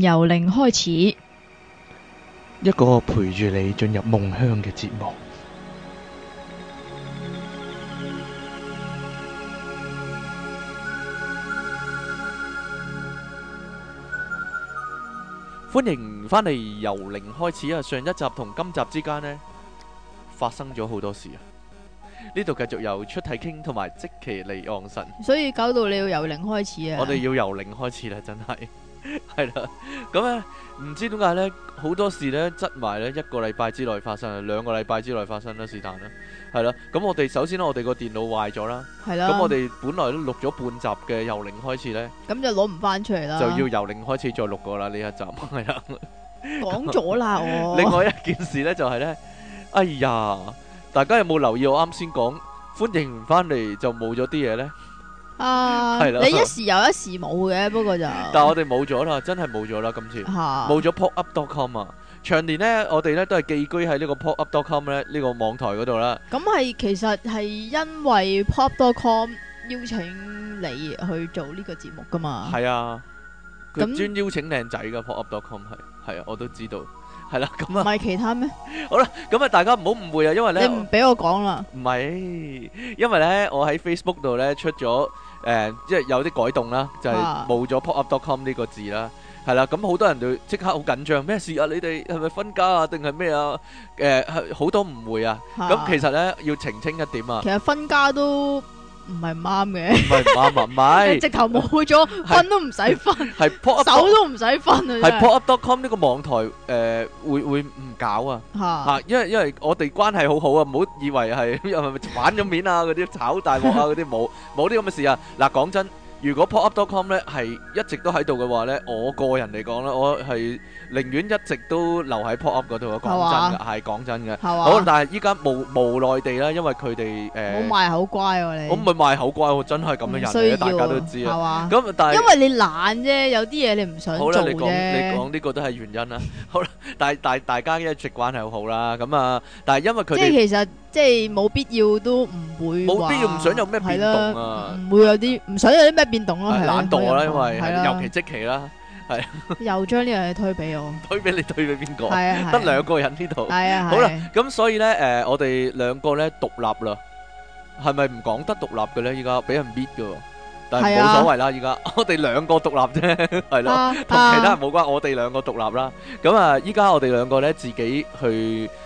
由零開始，一個陪住你進入夢鄉嘅節目。歡迎返嚟由零開始啊！上一集同今集之間呢，發生咗好多事啊！呢度繼續由出題傾同埋即其離岸神，所以搞到你要由零開始啊！我哋要由零開始喇，真係。係啦，咁咧唔知點解咧，好多事咧，執埋咧一個禮拜之內發生，兩個禮拜之內發生啦，是但啦，係啦，咁我哋首先咧，我哋個電腦壞咗啦，係啦，咁我哋本來都錄咗半集嘅，由零開始咧，咁就攞唔翻出嚟啦，就要由零開始再錄過啦呢一集，講咗啦，另外一件事咧就係咧，哎呀，大家有冇留意我啱先講，歡迎唔翻嚟就冇咗啲嘢咧？啊，uh, 你一時有，一時冇嘅， 不過就，但係我哋冇咗啦，真係冇咗啦，今次，冇咗 popup.com 啊，長年咧，我哋咧都係寄居喺呢個 popup.com 咧呢個網台嗰度啦。咁係其實係因為 popup.com 邀請你去做呢個節目噶嘛？係啊，咁專那邀請靚仔嘅 popup.com 係，係啊，我都知道，係啦，咁啊，唔 係其他咩？ 好啦，咁啊大家唔好誤會啊，因為咧，你唔俾我講啦，唔係，因為咧我喺 Facebook 度咧出咗。誒，即係、呃、有啲改動啦，就係、是、冇咗 pop up.com 呢個字啦，係啦、啊嗯，咁好多人就即刻好緊張，咩事啊？你哋係咪分家啊？定係咩啊？誒、呃，好多誤會啊！咁、嗯嗯、其實咧要澄清一點啊，其實分家都。唔係啱嘅，唔係啱唔係，直頭冇咗，分都唔使分，係手都唔使分啊！係 popup.com 呢個網台誒，會會唔搞啊？吓，因為因為我哋關係好好啊，唔好以為係又係咪玩咗面啊？嗰啲炒大鑊啊？嗰啲冇冇啲咁嘅事啊！嗱，講真。如果 popup.com 咧係一直都喺度嘅話咧，我個人嚟講咧，我係寧願一直都留喺 popup 嗰度啊！講真嘅，係講真嘅。好，但係依家無無奈地咧，因為佢哋誒，我賣口乖喎你。我唔係賣口乖，我真係咁樣人嘅，大家都知啦。咁但係因為你懶啫，有啲嘢你唔想做啫。好啦，你講你講呢個都係原因啦。好啦，但係大大家一直關係好好啦。咁啊，但係因為佢哋，即係其實。即係冇必要都唔會冇必要唔想有咩變動啊，唔會有啲唔想有啲咩變動咯，係懶惰啦，因為尤其即期啦，係又將呢樣嘢推俾我，推俾你，推俾邊個？係啊，得兩個人呢度，係啊，好啦，咁所以咧，誒，我哋兩個咧獨立啦，係咪唔講得獨立嘅咧？依家俾人搣嘅，但係冇所謂啦。依家我哋兩個獨立啫，係咯，同其他人冇關。我哋兩個獨立啦，咁啊，依家我哋兩個咧自己去。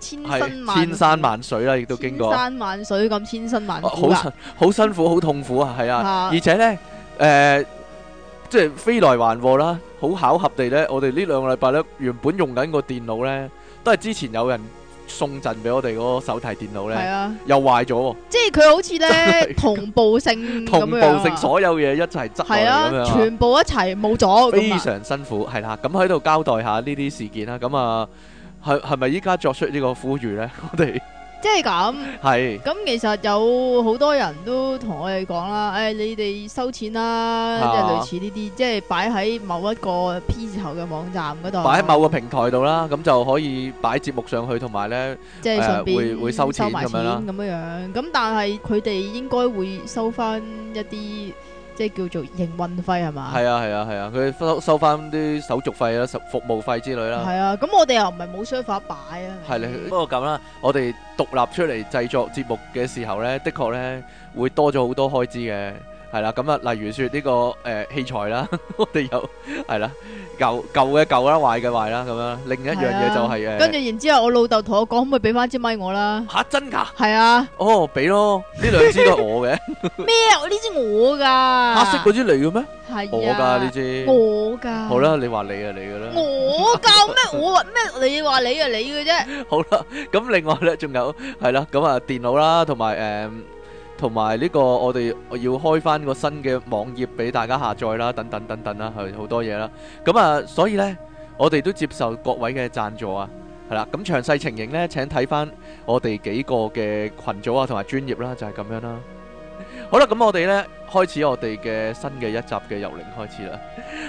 千山千山萬水啦，亦都經過。千山萬水咁千辛萬苦啦。好辛好辛苦，好痛苦啊！係啊，而且咧，誒，即係飛來橫禍啦，好巧合地咧，我哋呢兩個禮拜咧，原本用緊個電腦咧，都係之前有人送陣俾我哋個手提電腦咧，又壞咗。即係佢好似咧同步性咁樣樣，同步性所有嘢一齊執埋咁樣，全部一齊冇咗。非常辛苦，係啦，咁喺度交代下呢啲事件啦，咁啊。係係咪依家，作出呢個呼籲咧？我哋即係咁，係咁是其實有好多人都同我哋講啦，誒、哎，你哋收錢啦，即係、啊、類似呢啲，即係擺喺某一個 P 字頭嘅網站嗰度，擺喺某個平台度啦，咁就可以擺節目上去，同埋咧，即係上邊會會收錢收埋錢咁樣等樣，咁但係佢哋應該會收翻一啲。即係叫做營運費係嘛？係啊係啊係啊，佢、啊啊、收收翻啲手續費啊，服務費之類啦。係啊，咁我哋又唔係冇商法擺啊。係啦、啊，不過咁啦，我哋獨立出嚟製作節目嘅時候呢，的確呢會多咗好多開支嘅。係啦，咁啊，例如說呢個誒器材啦，我哋有係啦，舊舊嘅舊啦，壞嘅壞啦，咁樣。另一樣嘢就係誒，跟住然之後我老豆同我講，可唔可以俾翻支咪我啦？吓，真噶？係啊。哦，俾咯，呢兩支都係我嘅。咩啊？呢支我噶。黑色嗰支嚟嘅咩？係我噶呢支。我噶。好啦，你話你啊，你噶啦。我噶咩？我話咩？你話你啊，你嘅啫。好啦，咁另外咧仲有係啦，咁啊電腦啦，同埋誒。同埋呢個，我哋要開翻個新嘅網頁俾大家下載啦，等等等等，等，等啦，係好多嘢啦。咁啊，所以呢，我哋都接受各位嘅贊助啊，係啦。咁詳細情形呢，請睇翻我哋幾個嘅群組啊，同埋專業啦，就係、是、咁樣啦。好啦，咁我哋呢，開始我哋嘅新嘅一集嘅《遊靈》開始啦。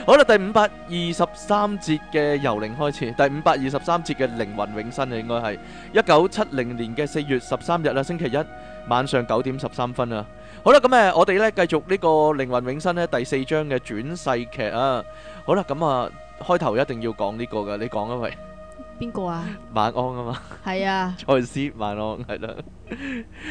好啦，第五百二十三節嘅《遊靈》開始，第五百二十三節嘅靈魂永生啊，應該係一九七零年嘅四月十三日啊，星期一。晚上九點十三分啊！好啦，咁誒，我哋咧繼續呢個靈魂永生咧第四章嘅轉世劇啊！好啦，咁啊開頭一定要講呢個噶，你講啊，咪邊個啊 ？晚安啊嘛，係啊，賽斯晚安係啦。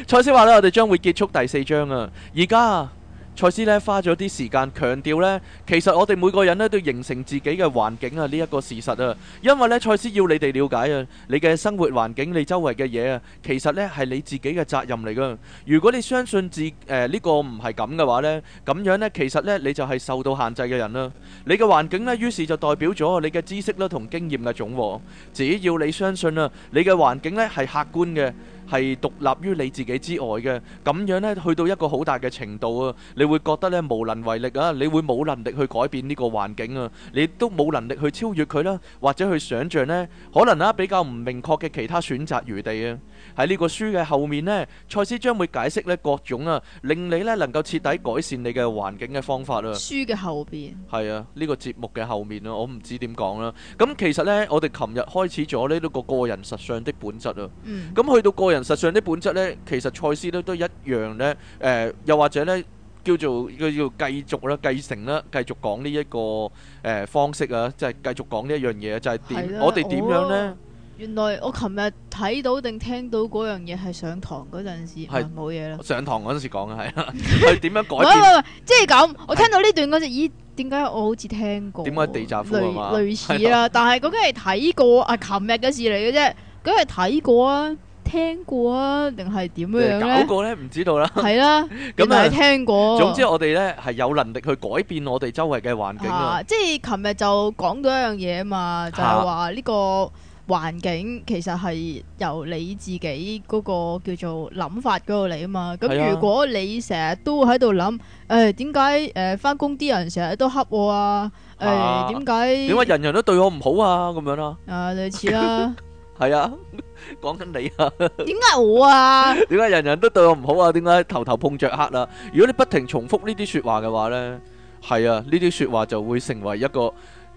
賽斯話咧，我哋將會結束第四章啊！而家。賽斯咧花咗啲時間強調咧，其實我哋每個人咧都形成自己嘅環境啊，呢一個事實啊，因為咧賽斯要你哋了解啊，你嘅生活環境、你周圍嘅嘢啊，其實咧係你自己嘅責任嚟㗎。如果你相信自誒呢個唔係咁嘅話咧，咁樣咧其實咧你就係受到限制嘅人啦。你嘅環境咧，於是就代表咗你嘅知識啦同經驗嘅總和。只要你相信啊，你嘅環境咧係客觀嘅。係獨立於你自己之外嘅，咁樣咧去到一個好大嘅程度啊，你會覺得咧無能為力啊，你會冇能力去改變呢個環境啊，你都冇能力去超越佢啦，或者去想像咧可能啦比較唔明確嘅其他選擇餘地啊。喺呢個書嘅後面咧，賽斯將會解釋咧各種啊，令你咧能夠徹底改善你嘅環境嘅方法啊。書嘅後邊。係啊，呢個節目嘅後面咯，我唔知點講啦。咁其實咧，我哋琴日開始咗呢個個人實相的本質啊。嗯。咁去到個人。實際上啲本質咧，其實賽斯咧都一樣咧，誒、呃，又或者咧叫做佢要繼續咧，繼承啦，繼續講呢、這、一個誒、呃、方式啊，即係繼續講呢一樣嘢，就係、是、點的我哋點樣咧？原來我琴日睇到定聽到嗰樣嘢係上堂嗰陣時係冇嘢啦，上堂嗰陣時講嘅係啦，係點樣改變 ？即係咁，我聽到呢段嗰陣，的咦？點解我好似聽過？點解地紮褲啊？類似啊， 但係嗰梗係睇過啊，琴日嘅事嚟嘅啫，梗係睇過啊。聽過啊，定係點樣咧？搞過咧，唔知道啦。係啦。咁啊，聽過、啊。總之，我哋咧係有能力去改變我哋周圍嘅環境。即係琴日就講到一樣嘢啊嘛，啊就係話呢個環境其實係由你自己嗰個叫做諗法嗰度嚟啊嘛。咁如果你成日都喺度諗，誒、啊，點解誒翻工啲人成日都恰我啊？誒、啊，點解？點解人人都對我唔好啊？咁樣咯。啊，類似啦。係啊。 講緊講你啊？點解我啊？點解 人人都對我唔好啊？點解頭頭碰着黑啦，啊？如果你不停重複呢啲說話嘅話呢，係啊，呢啲說話就會成為一個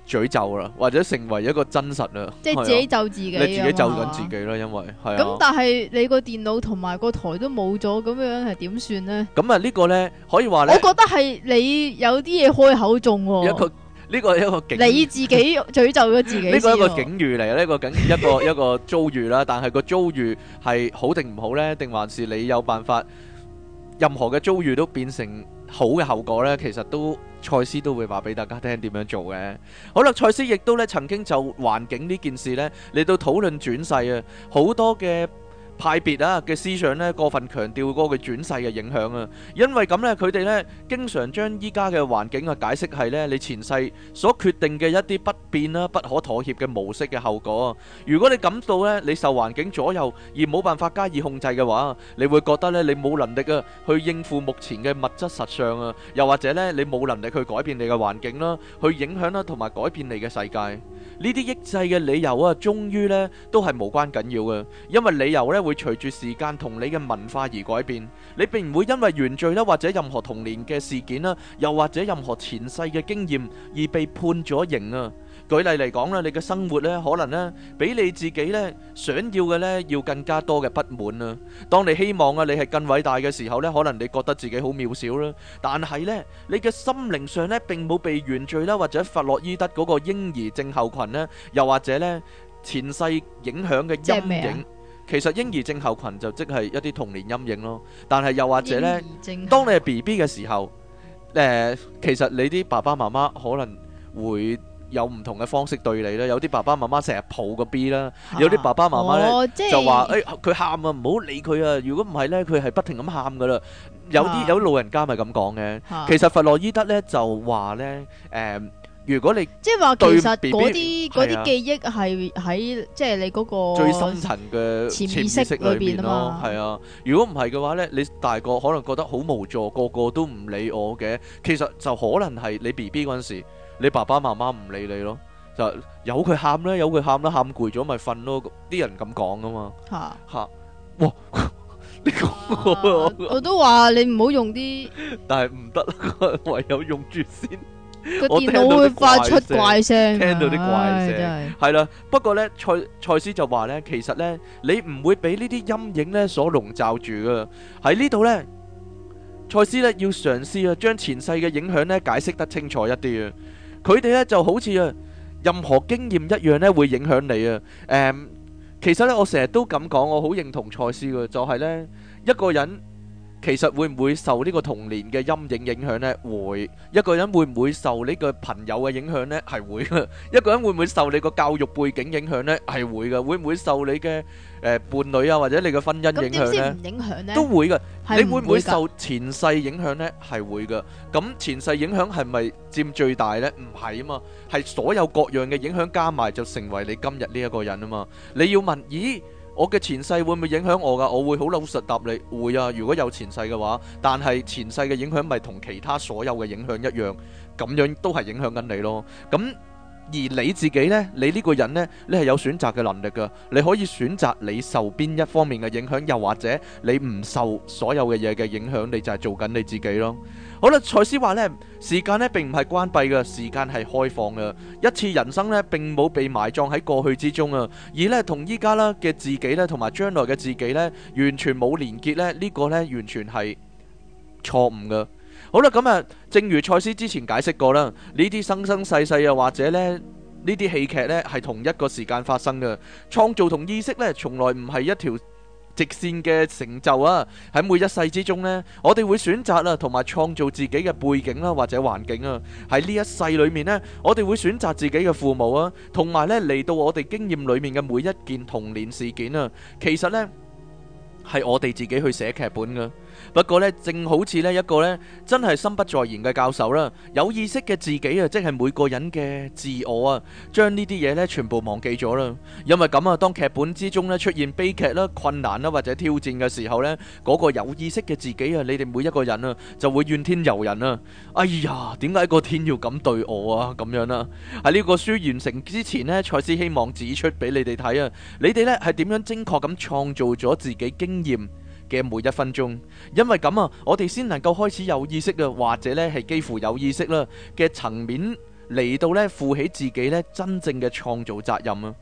詛咒啦，或者成為一個真實啦，即係自己咒自己，自己咒緊自己咯，因為係咁，啊、但係你個電腦同埋個台都冇咗，咁樣係點算呢？咁啊，呢，這個呢，可以話咧，我覺得係你有啲嘢開口中喎，啊。呢個係一個境，你自己詛咒咗自己。呢個係一個境遇嚟，呢個境一個一個遭遇啦。但係個遭遇係好定唔好呢？定還是你有辦法？任何嘅遭遇都變成好嘅後果呢？其實都賽斯都會話俾大家聽點樣做嘅。好啦，賽斯亦都咧曾經就環境呢件事呢，嚟到討論轉世啊，好多嘅。派別啊嘅思想呢，過分強調嗰個轉世嘅影響啊，因為咁呢，佢哋呢經常將依家嘅環境啊解釋係呢你前世所決定嘅一啲不變啦、不可妥協嘅模式嘅後果。如果你感到呢你受環境左右而冇辦法加以控制嘅話，你會覺得呢你冇能力啊去應付目前嘅物質實相啊，又或者呢你冇能力去改變你嘅環境啦，去影響啦同埋改變你嘅世界。呢啲抑制嘅理由啊，終於呢都係無關緊要嘅，因為理由呢會。隨住時間同你嘅文化而改變，你並唔會因為原罪啦或者任何童年嘅事件啦，又或者任何前世嘅經驗而被判咗刑啊！舉例嚟講啦，你嘅生活咧可能咧比你自己咧想要嘅咧要更加多嘅不滿啊！當你希望啊你係更偉大嘅時候咧，可能你覺得自己好渺小啦。但係咧，你嘅心靈上咧並冇被原罪啦或者弗洛伊德嗰個嬰兒症候群咧，又或者咧前世影響嘅陰影。其實嬰兒症候群就即係一啲童年陰影咯，但係又或者呢，當你係 B B 嘅時候，誒、呃，其實你啲爸爸媽媽可能會有唔同嘅方式對你啦，有啲爸爸媽媽成日抱個 B 啦，有啲爸爸媽媽呢就話誒，佢喊啊，唔好理佢啊，如果唔係呢，佢係不停咁喊噶啦，有啲有老人家咪咁講嘅，啊、其實弗洛伊德呢就話呢。誒、嗯。如果你即係話，其實嗰啲嗰啲記憶係喺即係你嗰個最深層嘅潛意識裏邊啊嘛，係啊。如果唔係嘅話咧，你大個可能覺得好無助，個個都唔理我嘅。其實就可能係你 BB 嗰陣時，你爸爸媽媽唔理你咯，就由佢喊啦，由佢喊啦，喊攰咗咪瞓咯。啲人咁講噶嘛，吓吓，哇！你講我我都話你唔好用啲，但係唔得啦，唯有用住先。個電腦會發出怪聲，聽到啲怪聲，係啦。不過咧，賽賽斯就話咧，其實咧，你唔會俾呢啲陰影咧所籠罩住噶。喺呢度咧，賽斯咧要嘗試啊，將前世嘅影響咧解釋得清楚一啲啊。佢哋咧就好似啊任何經驗一樣咧，會影響你啊。誒，其實咧，我成日都咁講，我好認同賽斯噶，就係咧一個人。其實會唔會受呢個童年嘅陰影影響呢？會，一個人會唔會受呢個朋友嘅影響呢？係會嘅，一個人會唔會受你個教育背景影響呢？係會嘅，會唔會受你嘅誒伴侶啊或者你嘅婚姻影響呢？都會嘅，你會唔會受前世影響呢？係會嘅，咁前世影響係咪佔最大呢？唔係啊嘛，係所有各樣嘅影響加埋就成為你今日呢一個人啊嘛。你要問咦？我嘅前世會唔會影響我㗎？我會好老實答你，會啊！如果有前世嘅話，但係前世嘅影響咪同其他所有嘅影響一樣，咁樣都係影響緊你咯。咁、嗯。而你自己呢，你呢個人呢，你係有選擇嘅能力噶，你可以選擇你受邊一方面嘅影響，又或者你唔受所有嘅嘢嘅影響，你就係做緊你自己咯。好啦，賽斯話呢，時間呢並唔係關閉嘅，時間係開放嘅。一次人生呢並冇被埋葬喺過去之中啊，而呢同依家啦嘅自己呢，同埋將來嘅自己呢，完全冇連結呢。呢、呢個呢，完全係錯誤嘅。好啦，咁啊，正如賽斯之前解釋過啦，呢啲生生世世啊，或者呢呢啲戲劇呢，係同一個時間發生嘅，創造同意識呢，從來唔係一條直線嘅成就啊。喺每一世之中呢，我哋會選擇啊，同埋創造自己嘅背景啦，或者環境啊。喺呢一世裏面呢，我哋會選擇自己嘅父母啊，同埋呢嚟到我哋經驗裏面嘅每一件童年事件啊，其實呢，係我哋自己去寫劇本㗎。不過呢，正好似呢一個呢，真係心不在焉嘅教授啦，有意識嘅自己啊，即係每個人嘅自我啊，將呢啲嘢呢全部忘記咗啦。因為咁啊，當劇本之中呢，出現悲劇啦、困難啦或者挑戰嘅時候呢，嗰個有意識嘅自己啊，你哋每一個人啊，就會怨天尤人啦。哎呀，點解個天要咁對我啊？咁樣啦，喺呢個書完成之前呢，賽斯希望指出俾你哋睇啊，你哋呢係點樣精確咁創造咗自己經驗嘅每一分鐘，因為咁啊，我哋先能夠開始有意識啊，或者咧係幾乎有意識啦嘅層面嚟到咧，負起自己咧真正嘅創造責任啊！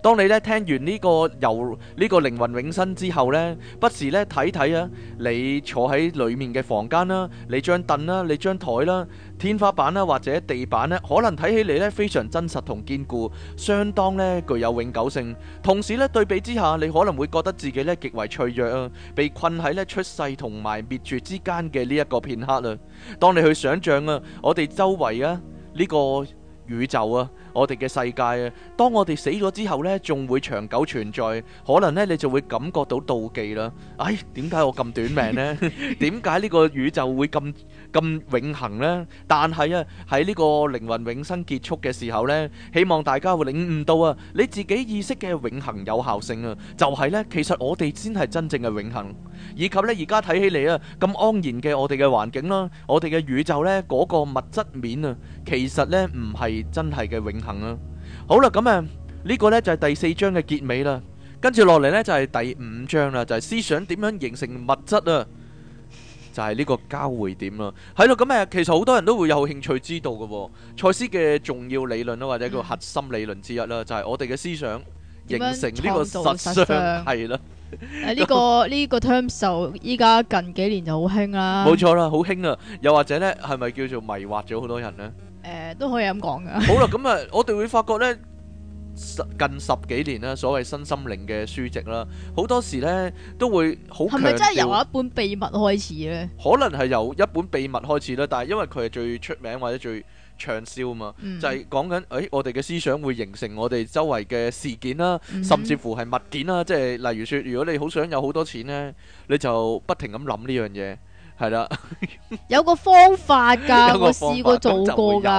當你咧聽完呢個由呢個靈魂永生之後呢，不時咧睇睇啊，你坐喺裏面嘅房間啦，你張凳啦，你張台啦，天花板啦或者地板咧，可能睇起嚟咧非常真實同堅固，相當咧具有永久性。同時呢，對比之下，你可能會覺得自己呢極為脆弱啊，被困喺咧出世同埋滅絕之間嘅呢一個片刻啦。當你去想象啊，我哋周圍啊呢個。宇宙啊，我哋嘅世界啊，當我哋死咗之後咧，仲會長久存在，可能咧你就會感覺到妒忌啦。唉，點解我咁短命咧？點解呢個宇宙會咁咁永恒咧？但係啊，喺呢個靈魂永生結束嘅時候咧，希望大家會領悟到啊，你自己意識嘅永恒有效性啊，就係咧，其實我哋先係真正嘅永恒。以及呢，而家睇起嚟啊，咁安然嘅我哋嘅環境啦，我哋嘅宇宙呢嗰個物質面啊，其實呢，唔係真係嘅永恒啊。好啦，咁啊呢個呢，就係第四章嘅結尾啦。跟住落嚟呢，就係第五章啦，就係思想點樣形成物質啊，就係呢個交匯點啦。係咯，咁啊，其實好多人都會有興趣知道嘅，賽斯嘅重要理論啦，或者叫核心理論之一啦，嗯、就係我哋嘅思想形成呢個實相係啦。誒，呢、 這個呢、這個 terms 就依家近幾年就好興啦，冇錯啦，好興啊！又或者呢，係咪叫做迷惑咗好多人呢？誒、呃，都可以咁講噶。好啦，咁啊，我哋會發覺咧，近十幾年啦，所謂身心靈嘅書籍啦，好多時呢，都會好係咪真係由一本秘密開始呢？可能係由一本秘密開始啦，但係因為佢係最出名或者最。暢銷嘛，嗯、就係講緊，誒、哎，我哋嘅思想會形成我哋周圍嘅事件啦，甚至乎係物件啦，嗯、即係例如說，如果你好想有好多錢呢，你就不停咁諗呢樣嘢，係啦， 有個方法噶， 有個方法我試過做過噶，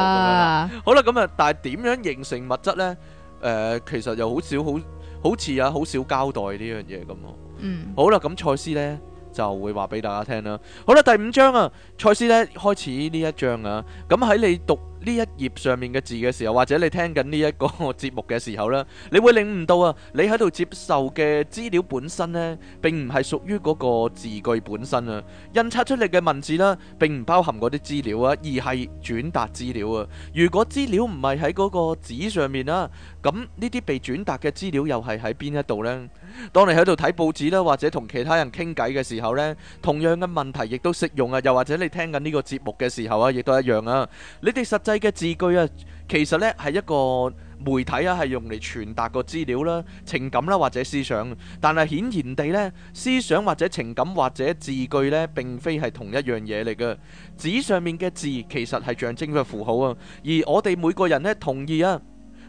好啦，咁啊，但係點樣形成物質呢？誒、呃，其實又好少好，好似啊，好少交代呢樣嘢咁咯。嗯，好啦，咁賽斯呢。就會話俾大家聽啦。好啦，第五章啊，賽斯咧，開始呢一章啊。咁喺你讀，呢一頁上面嘅字嘅時候，或者你聽緊呢一個節目嘅時候咧，你會領悟到啊，你喺度接受嘅資料本身咧，並唔係屬於嗰個字句本身啊。印刷出嚟嘅文字啦，並唔包含嗰啲資料啊，而係轉達資料啊。如果資料唔係喺嗰個紙上面啊，咁呢啲被轉達嘅資料又係喺邊一度咧？當你喺度睇報紙啦，或者同其他人傾偈嘅時候咧，同樣嘅問題亦都適用啊。又或者你聽緊呢個節目嘅時候啊，亦都一樣啊。你哋實際。你嘅字句啊，其實呢係一個媒體啊，係用嚟傳達個資料啦、情感啦或者思想。但係顯然地呢，思想或者情感或者字句呢，並非係同一樣嘢嚟嘅。紙上面嘅字其實係象徵嘅符號啊，而我哋每個人呢，同意啊，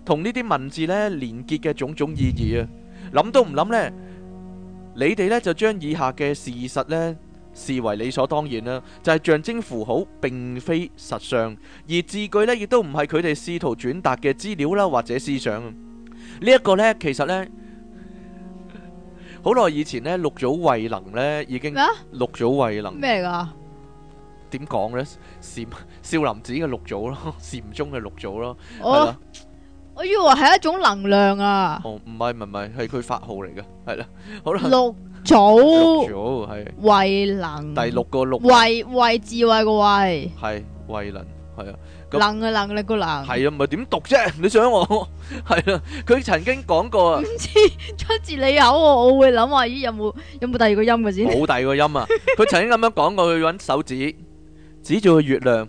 同呢啲文字呢連結嘅種種意義啊，諗都唔諗呢，你哋呢就將以下嘅事實呢。視為理所當然啦，就係象徵符號，並非實相，而字句咧亦都唔係佢哋試圖轉達嘅資料啦或者思想啊。呢一個咧，其實咧好耐以前咧，六祖慧能咧已經六祖慧能咩嚟噶？點講咧？禪少林寺嘅六祖咯，禪宗嘅六祖咯，係咯。我以為係一種能量啊。哦，唔係唔係，係佢法號嚟嘅，係啦。好啦，六。祖，係，慧能，第六個六，慧慧智慧個慧，係，慧能，係啊，能啊能力個能，係啊，唔係點讀啫，你想我，係 啊，佢曾經講過，唔知出自你口，我會諗話咦，有冇有冇第二個音嘅先，冇 第二個音啊，佢曾經咁樣講過，佢搵手指指住個月亮，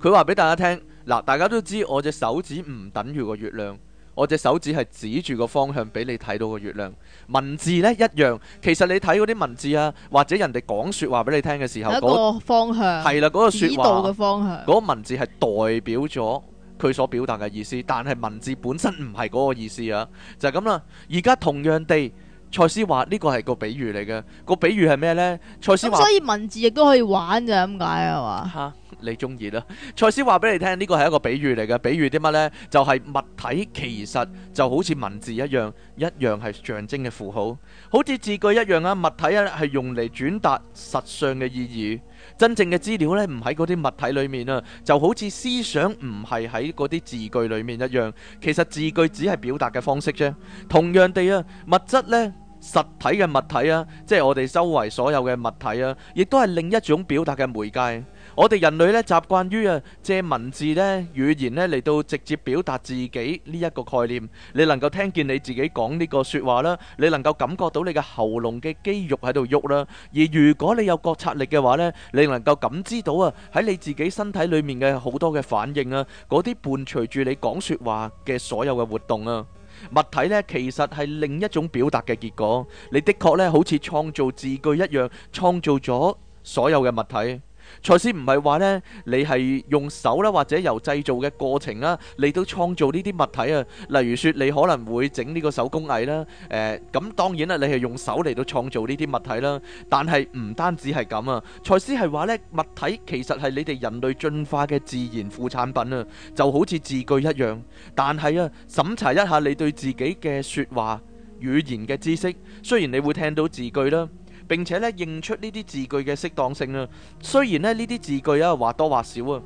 佢話俾大家聽，嗱，大家都知我隻手指唔等如個月亮。我隻手指係指住個方向俾你睇到個月亮，文字呢一樣。其實你睇嗰啲文字啊，或者人哋講説話俾你聽嘅時候，嗰個方向係、嗰個、啦，嗰、嗰個説話嘅方向，嗰個文字係代表咗佢所表達嘅意思，但係文字本身唔係嗰個意思啊，就係、係、咁啦。而家同樣地。賽斯話呢個係個比喻嚟嘅，個比喻係咩呢？賽斯話所以文字亦都可以玩就咁解啊嘛？吓，你中意啦。賽斯話俾你聽，呢個係一個比喻嚟嘅，比喻啲乜呢，呢？就係、是、物體其實就好似文字一樣，一樣係象徵嘅符號，好似字句一樣啊。物體啊係用嚟轉達實相嘅意義，真正嘅資料呢，唔喺嗰啲物體裏面啊，就好似思想唔係喺嗰啲字句裏面一樣，其實字句只係表達嘅方式啫。同樣地啊，物質呢。實體嘅物體啊，即係我哋周圍所有嘅物體啊，亦都係另一種表達嘅媒介。我哋人類呢，習慣於啊借文字呢、語言呢嚟到，直接表達自己呢一個概念。你能夠聽見你自己講呢個說話啦，你能夠感覺到你嘅喉嚨嘅肌肉喺度喐啦。而如果你有覺察力嘅話呢，你能夠感知到啊喺你自己身體裏面嘅好多嘅反應啊，嗰啲伴隨住你講說話嘅所有嘅活動啊。物體呢，其實係另一種表達嘅結果。你的確呢，好似創造字句一樣，創造咗所有嘅物體。蔡斯唔係話呢，你係用手啦，或者由製造嘅過程啦嚟到創造呢啲物體啊，例如說你可能會整呢個手工藝啦，誒，咁當然啦，你係用手嚟到創造呢啲物體啦，但係唔單止係咁啊，蔡斯係話呢，物體其實係你哋人類進化嘅自然副產品啊，就好似字句一樣，但係啊，審查一下你對自己嘅說話、語言嘅知識，雖然你會聽到字句啦。並且咧，認出呢啲字句嘅適當性啦。雖然咧，呢啲字句啊，或多或少啊，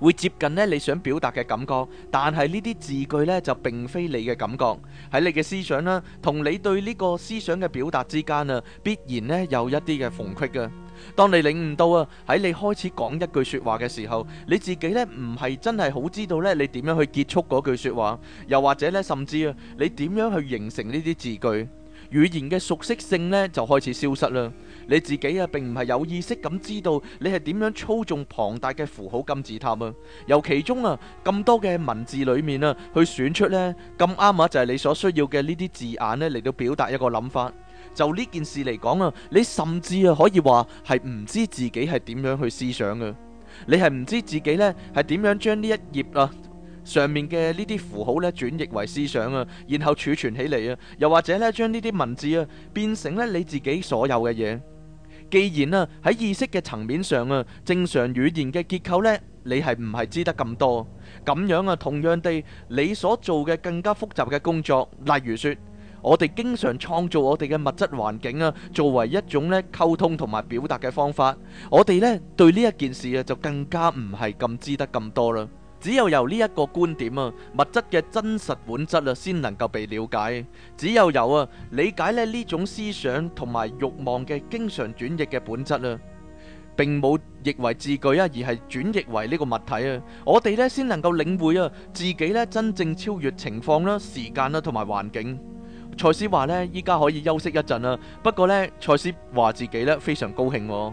會接近咧你想表達嘅感覺，但係呢啲字句咧就並非你嘅感覺，喺你嘅思想啦，同你對呢個思想嘅表達之間啊，必然咧有一啲嘅縫隙噶。當你領悟到啊，喺你開始講一句說話嘅時候，你自己咧唔係真係好知道咧，你點樣去結束嗰句說話，又或者咧，甚至啊，你點樣去形成呢啲字句？語言嘅熟悉性呢，就開始消失啦，你自己啊，並唔係有意識咁知道你係點樣操縱龐大嘅符號金字塔啊，由其中啊咁多嘅文字裏面啊去選出呢咁啱啊就係你所需要嘅呢啲字眼呢，嚟到表達一個諗法。就呢件事嚟講啊，你甚至啊可以話係唔知自己係點樣去思想嘅，你係唔知自己呢，係點樣將呢一頁啊。上面嘅呢啲符號呢，轉譯為思想啊，然後儲存起嚟啊，又或者呢，將呢啲文字啊，變成呢你自己所有嘅嘢。既然啊喺意識嘅層面上啊，正常語言嘅結構呢，你係唔係知得咁多？咁樣啊，同樣地，你所做嘅更加複雜嘅工作，例如說，我哋經常創造我哋嘅物質環境啊，作為一種呢溝通同埋表達嘅方法，我哋呢對呢一件事啊，就更加唔係咁知得咁多啦。只有由呢一個觀點啊，物質嘅真實本質啊，先能夠被了解。只有由啊，理解咧呢種思想同埋慾望嘅經常轉譯嘅本質啊，並冇譯為字句啊，而係轉譯為呢個物體啊，我哋咧先能夠領會啊，自己咧真正超越情況啦、時間啦同埋環境。賽斯話呢依家可以休息一陣啦，不過呢，賽斯話自己咧非常高興。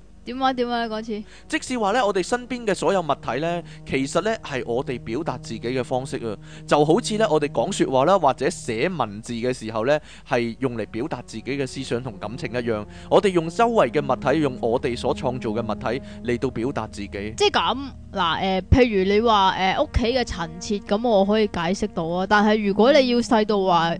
點啊點啊嗰次，即使話呢，我哋身邊嘅所有物體呢，其實呢係我哋表達自己嘅方式啊，就好似呢，我哋講說話啦或者寫文字嘅時候呢，係用嚟表達自己嘅思想同感情一樣。我哋用周圍嘅物體，用我哋所創造嘅物體嚟到表達自己。即係咁嗱，誒、呃，譬如你話誒屋企嘅陳設，咁、呃、我可以解釋到啊。但係如果你要細到話，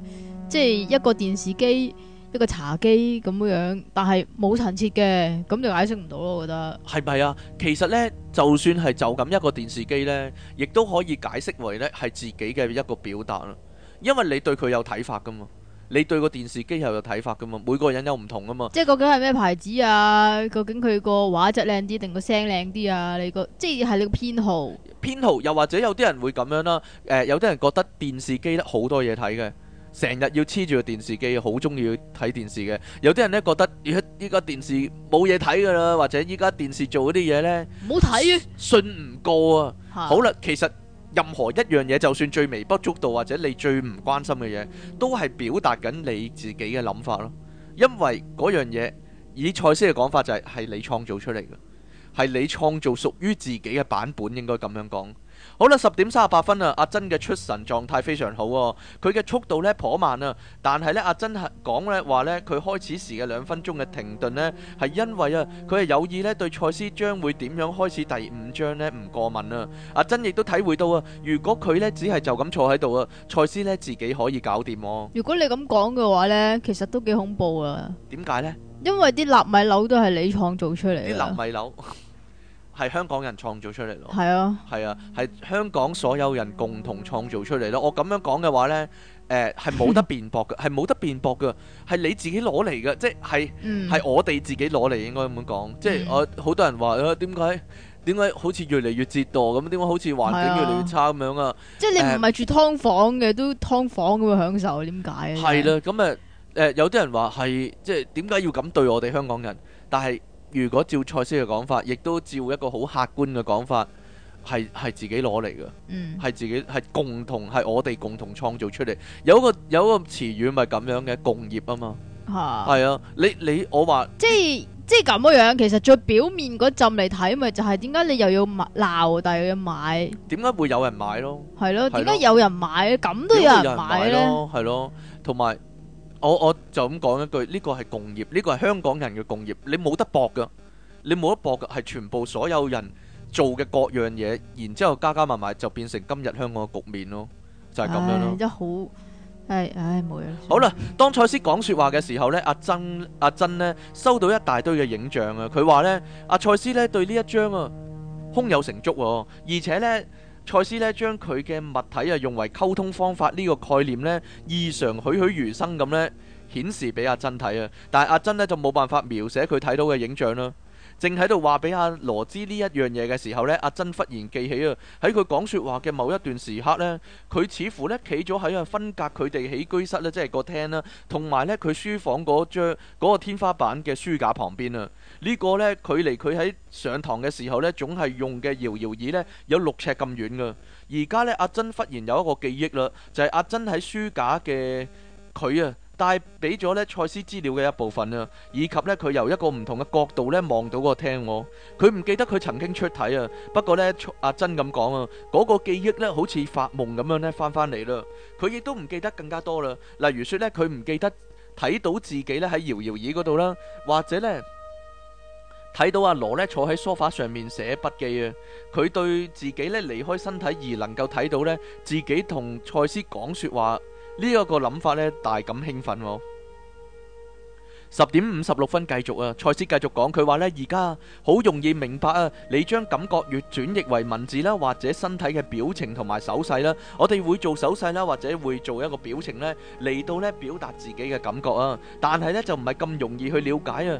即係一個電視機。一個茶幾咁樣，但係冇陳設嘅，咁就解釋唔到咯。我覺得係咪啊？其實呢，就算係就咁一個電視機呢，亦都可以解釋為呢係自己嘅一個表達啦。因為你對佢有睇法噶嘛，你對個電視機又有睇法噶嘛，每個人有唔同噶嘛。即係究竟係咩牌子啊？究竟佢個畫質靚啲定個聲靚啲啊？你個即係你個編號？編號又或者有啲人會咁樣啦、呃。有啲人覺得電視機得好多嘢睇嘅。成日要黐住個電視機，好中意睇電視嘅。有啲人咧覺得，如果依家電視冇嘢睇噶啦，或者依家電視做嗰啲嘢呢，唔好睇，信唔過啊。 好啦，其實任何一樣嘢，就算最微不足道，或者你最唔關心嘅嘢，都係表達緊你自己嘅諗法咯。因為嗰樣嘢，以賽斯嘅講法就係、是，係你創造出嚟嘅，係你創造屬於自己嘅版本，應該咁樣講。好啦，十點三十八分啦，阿珍嘅出神狀態非常好，佢嘅速度咧頗慢啊，但係咧阿珍係講咧話咧，佢開始時嘅兩分鐘嘅停頓咧，係因為啊，佢係有意咧對賽斯將會點樣開始第五章咧唔過問啊。阿珍亦都體會到啊，如果佢咧只係就咁坐喺度啊，賽斯咧自己可以搞掂。如果你咁講嘅話咧，其實都幾恐怖啊。點解咧？因為啲納米樓都係你創造出嚟啊！啲納米樓。係香港人創造出嚟咯，係啊，係啊，係香港所有人共同創造出嚟咯。我咁樣講嘅話呢，誒係冇得辯駁嘅，係冇 得辯駁嘅，係你自己攞嚟嘅，即係係我哋自己攞嚟，應該咁講，即係我、呃、好多人話啊，點解點解好似越嚟越折墮咁？點解好似環境越嚟越差咁，啊、樣啊？即係你唔係住劏房嘅都劏房咁享受，點解？係啦，啊，咁誒誒有啲人話係即係點解要咁對我哋香港人？但係。如果照賽斯嘅講法，亦都照一個好客觀嘅講法，係係自己攞嚟嘅，係、嗯、自己係共同係我哋共同創造出嚟。有個有個詞語咪咁樣嘅共業啊嘛，係啊，啊，你你我話即係即係咁樣。其實最表面嗰陣嚟睇，咪就係點解你又要買鬧，但又要買？點解會有人買咯？係咯、啊？點解有人買？咁都、啊、有人買咯？係咯，同埋。我我就咁講一句，呢個係共業，呢個係香港人嘅共業，你冇得駁㗎，你冇得駁㗎，係全部所有人做嘅各樣嘢，然之後加加埋埋就變成今日香港嘅局面咯，就係咁樣咯。然之後好，係唉冇嘢。好啦，當蔡司講説話嘅時候咧，阿曾阿曾咧收到一大堆嘅影像啊，佢話咧，阿蔡司咧對呢一張啊胸有成竹，而且咧。蔡司咧，將佢嘅物體啊用為溝通方法呢個概念呢，異常栩栩如生咁呢，顯示俾阿珍睇啊！但係阿珍呢，就冇辦法描寫佢睇到嘅影像啦。正喺度話俾阿羅知呢一樣嘢嘅時候呢，阿珍忽然記起啊，喺佢講説話嘅某一段時刻呢，佢似乎咧企咗喺啊分隔佢哋起居室呢，即係個廳啦，同埋呢，佢書房嗰張嗰個天花板嘅書架旁邊啊，呢個呢距離佢喺上堂嘅時候呢，總係用嘅搖搖椅呢，有六尺咁遠噶。而家呢，阿珍忽然有一個記憶啦，就係阿珍喺書架嘅佢啊。但係俾咗呢賽斯資料嘅一部分啦、啊，以及呢佢由一個唔同嘅角度呢望到嗰個廳。佢唔記得佢曾經出體啊，不過呢阿珍咁講啊，嗰、啊那個記憶呢好似發夢咁樣呢翻翻嚟啦。佢亦都唔記得更加多啦，例如說呢，佢唔記得睇到自己呢喺搖搖椅嗰度啦，或者呢睇到阿羅呢坐喺梳化上面寫筆記啊。佢對自己呢離開身體而能夠睇到呢，自己同賽斯講說話。呢一個諗法咧，大感興奮。十點五十六分繼續啊，賽斯繼續講，佢話咧，而家好容易明白啊，你將感覺越轉譯為文字啦，或者身體嘅表情同埋手勢啦，我哋會做手勢啦，或者會做一個表情咧，嚟到咧，表達自己嘅感覺啊，但係咧，就唔係咁容易去了解啊。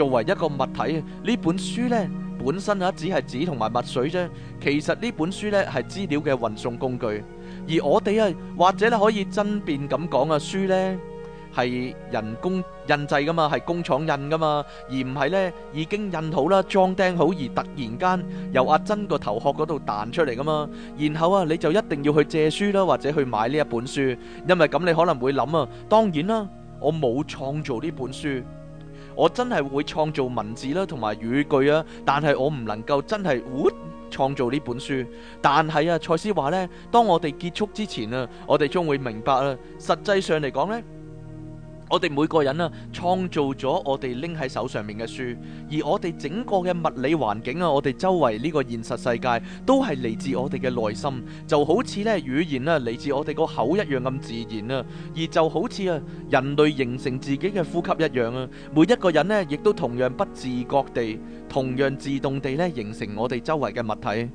作為一個物體啊，呢本書咧本身啊只係紙同埋墨水啫。其實呢本書咧係資料嘅運送工具。而我哋啊，或者咧可以爭辯咁講啊，書咧係人工印製噶嘛，係工廠印噶嘛，而唔係咧已經印好啦，裝訂好而突然間由阿珍個頭殼嗰度彈出嚟噶嘛。然後啊，你就一定要去借書啦，或者去買呢一本書，因為咁你可能會諗啊，當然啦，我冇創造呢本書。我真係會創造文字啦，同埋語句啊，但係我唔能夠真係，嗚、呃，創造呢本書。但係啊，賽斯話呢，當我哋結束之前啊，我哋將會明白啊，實際上嚟講呢。我哋每個人啊，創造咗我哋拎喺手上面嘅書，而我哋整個嘅物理環境啊，我哋周圍呢個現實世界，都係嚟自我哋嘅內心，就好似呢語言咧嚟自我哋個口一樣咁自然啊，而就好似啊人類形成自己嘅呼吸一樣啊，每一個人呢，亦都同樣不自覺地，同樣自動地呢形成我哋周圍嘅物體。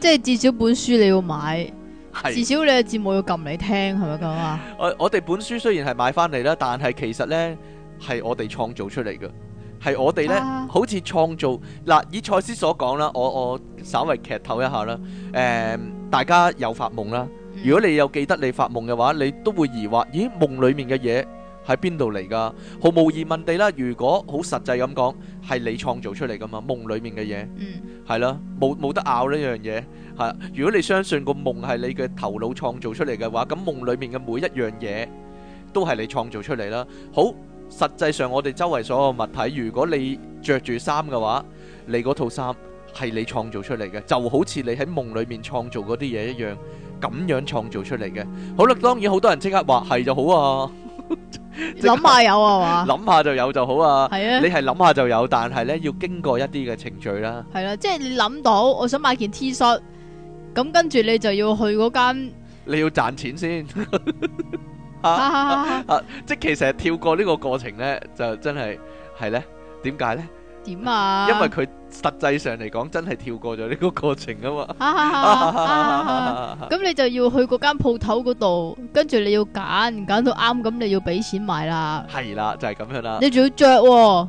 即係至少本書你要買。是至少你嘅節目要撳你聽，係咪咁啊？我我哋本書雖然係買翻嚟啦，但係其實呢，係我哋創造出嚟嘅，係我哋呢，啊、好似創造嗱，以賽斯所講啦，我我稍微劇透一下啦，誒、呃，大家有發夢啦，如果你有記得你發夢嘅話，你都會疑惑，咦夢裏面嘅嘢喺邊度嚟噶？毫無疑問地啦，如果好實際咁講，係你創造出嚟噶嘛，夢裏面嘅嘢，嗯，係啦，冇冇得拗呢樣嘢。係，如果你相信個夢係你嘅頭腦創造出嚟嘅話，咁夢裏面嘅每一樣嘢都係你創造出嚟啦。好，實際上我哋周圍所有物體，如果你着住衫嘅話，你嗰套衫係你創造出嚟嘅，就好似你喺夢裏面創造嗰啲嘢一樣，咁樣創造出嚟嘅。好啦，當然好多人即刻話係就好啊，諗 立刻 下有啊嘛，諗 下就有就好啊。啊你係諗下就有，但係呢要經過一啲嘅程序啦。係啦、啊，即、就、係、是、你諗到我想買件 T 恤。咁跟住你就要去嗰間，你要賺錢先，啊，即係其實係跳過呢個過程咧，就真係係咧，點解咧？點啊？因為佢實際上嚟講真係跳過咗呢個過程啊嘛。咁你就要去嗰間鋪頭嗰度，跟住你要揀，揀到啱，咁你要俾錢買啦。係啦，就係咁樣啦。你仲要着，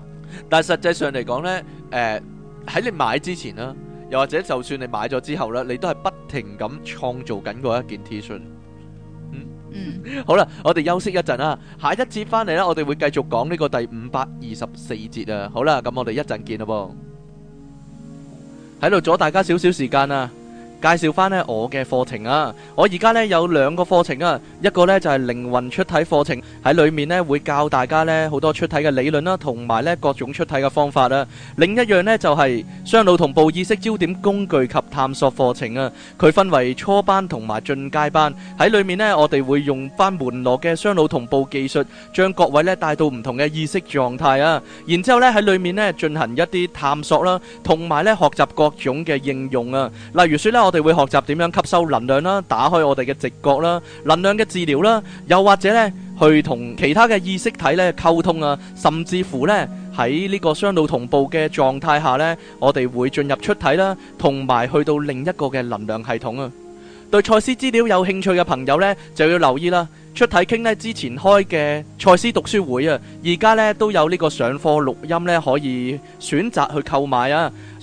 但係實際上嚟講咧，誒，喺你買之前啦。又或者就算你買咗之後呢，你都係不停咁創造緊嗰一件 T 恤。嗯、 好啦，我哋休息一陣啦，下一節翻嚟，呢，我哋會繼續講呢個第五百二十四節啊。好啦，咁我哋一陣見咯噃，喺度阻大家少少時間啊。介紹翻呢我嘅課程啊，我而家呢有兩個課程啊，一個呢就係靈魂出體課程，喺裏面呢會教大家呢好多出體嘅理論啦，同埋呢各種出體嘅方法啊。另一樣呢就係雙腦同步意識焦點工具及探索課程啊，佢分為初班同埋進階班，喺裏面呢我哋會用翻門羅嘅雙腦同步技術，將各位呢帶到唔同嘅意識狀態啊，然之後呢喺裏面呢進行一啲探索啦，同埋呢學習各種嘅應用啊，例如說呢我。我哋會學習點樣吸收能量啦，打開我哋嘅直覺啦，能量嘅治療啦，又或者呢去同其他嘅意識體呢溝通啊，甚至乎呢喺呢個雙腦同步嘅狀態下呢，我哋會進入出體啦，同埋去到另一個嘅能量系統啊。對賽斯資料有興趣嘅朋友呢，就要留意啦。出體傾呢之前開嘅賽斯讀書會啊，而家呢都有呢個上課錄音呢，可以選擇去購買啊。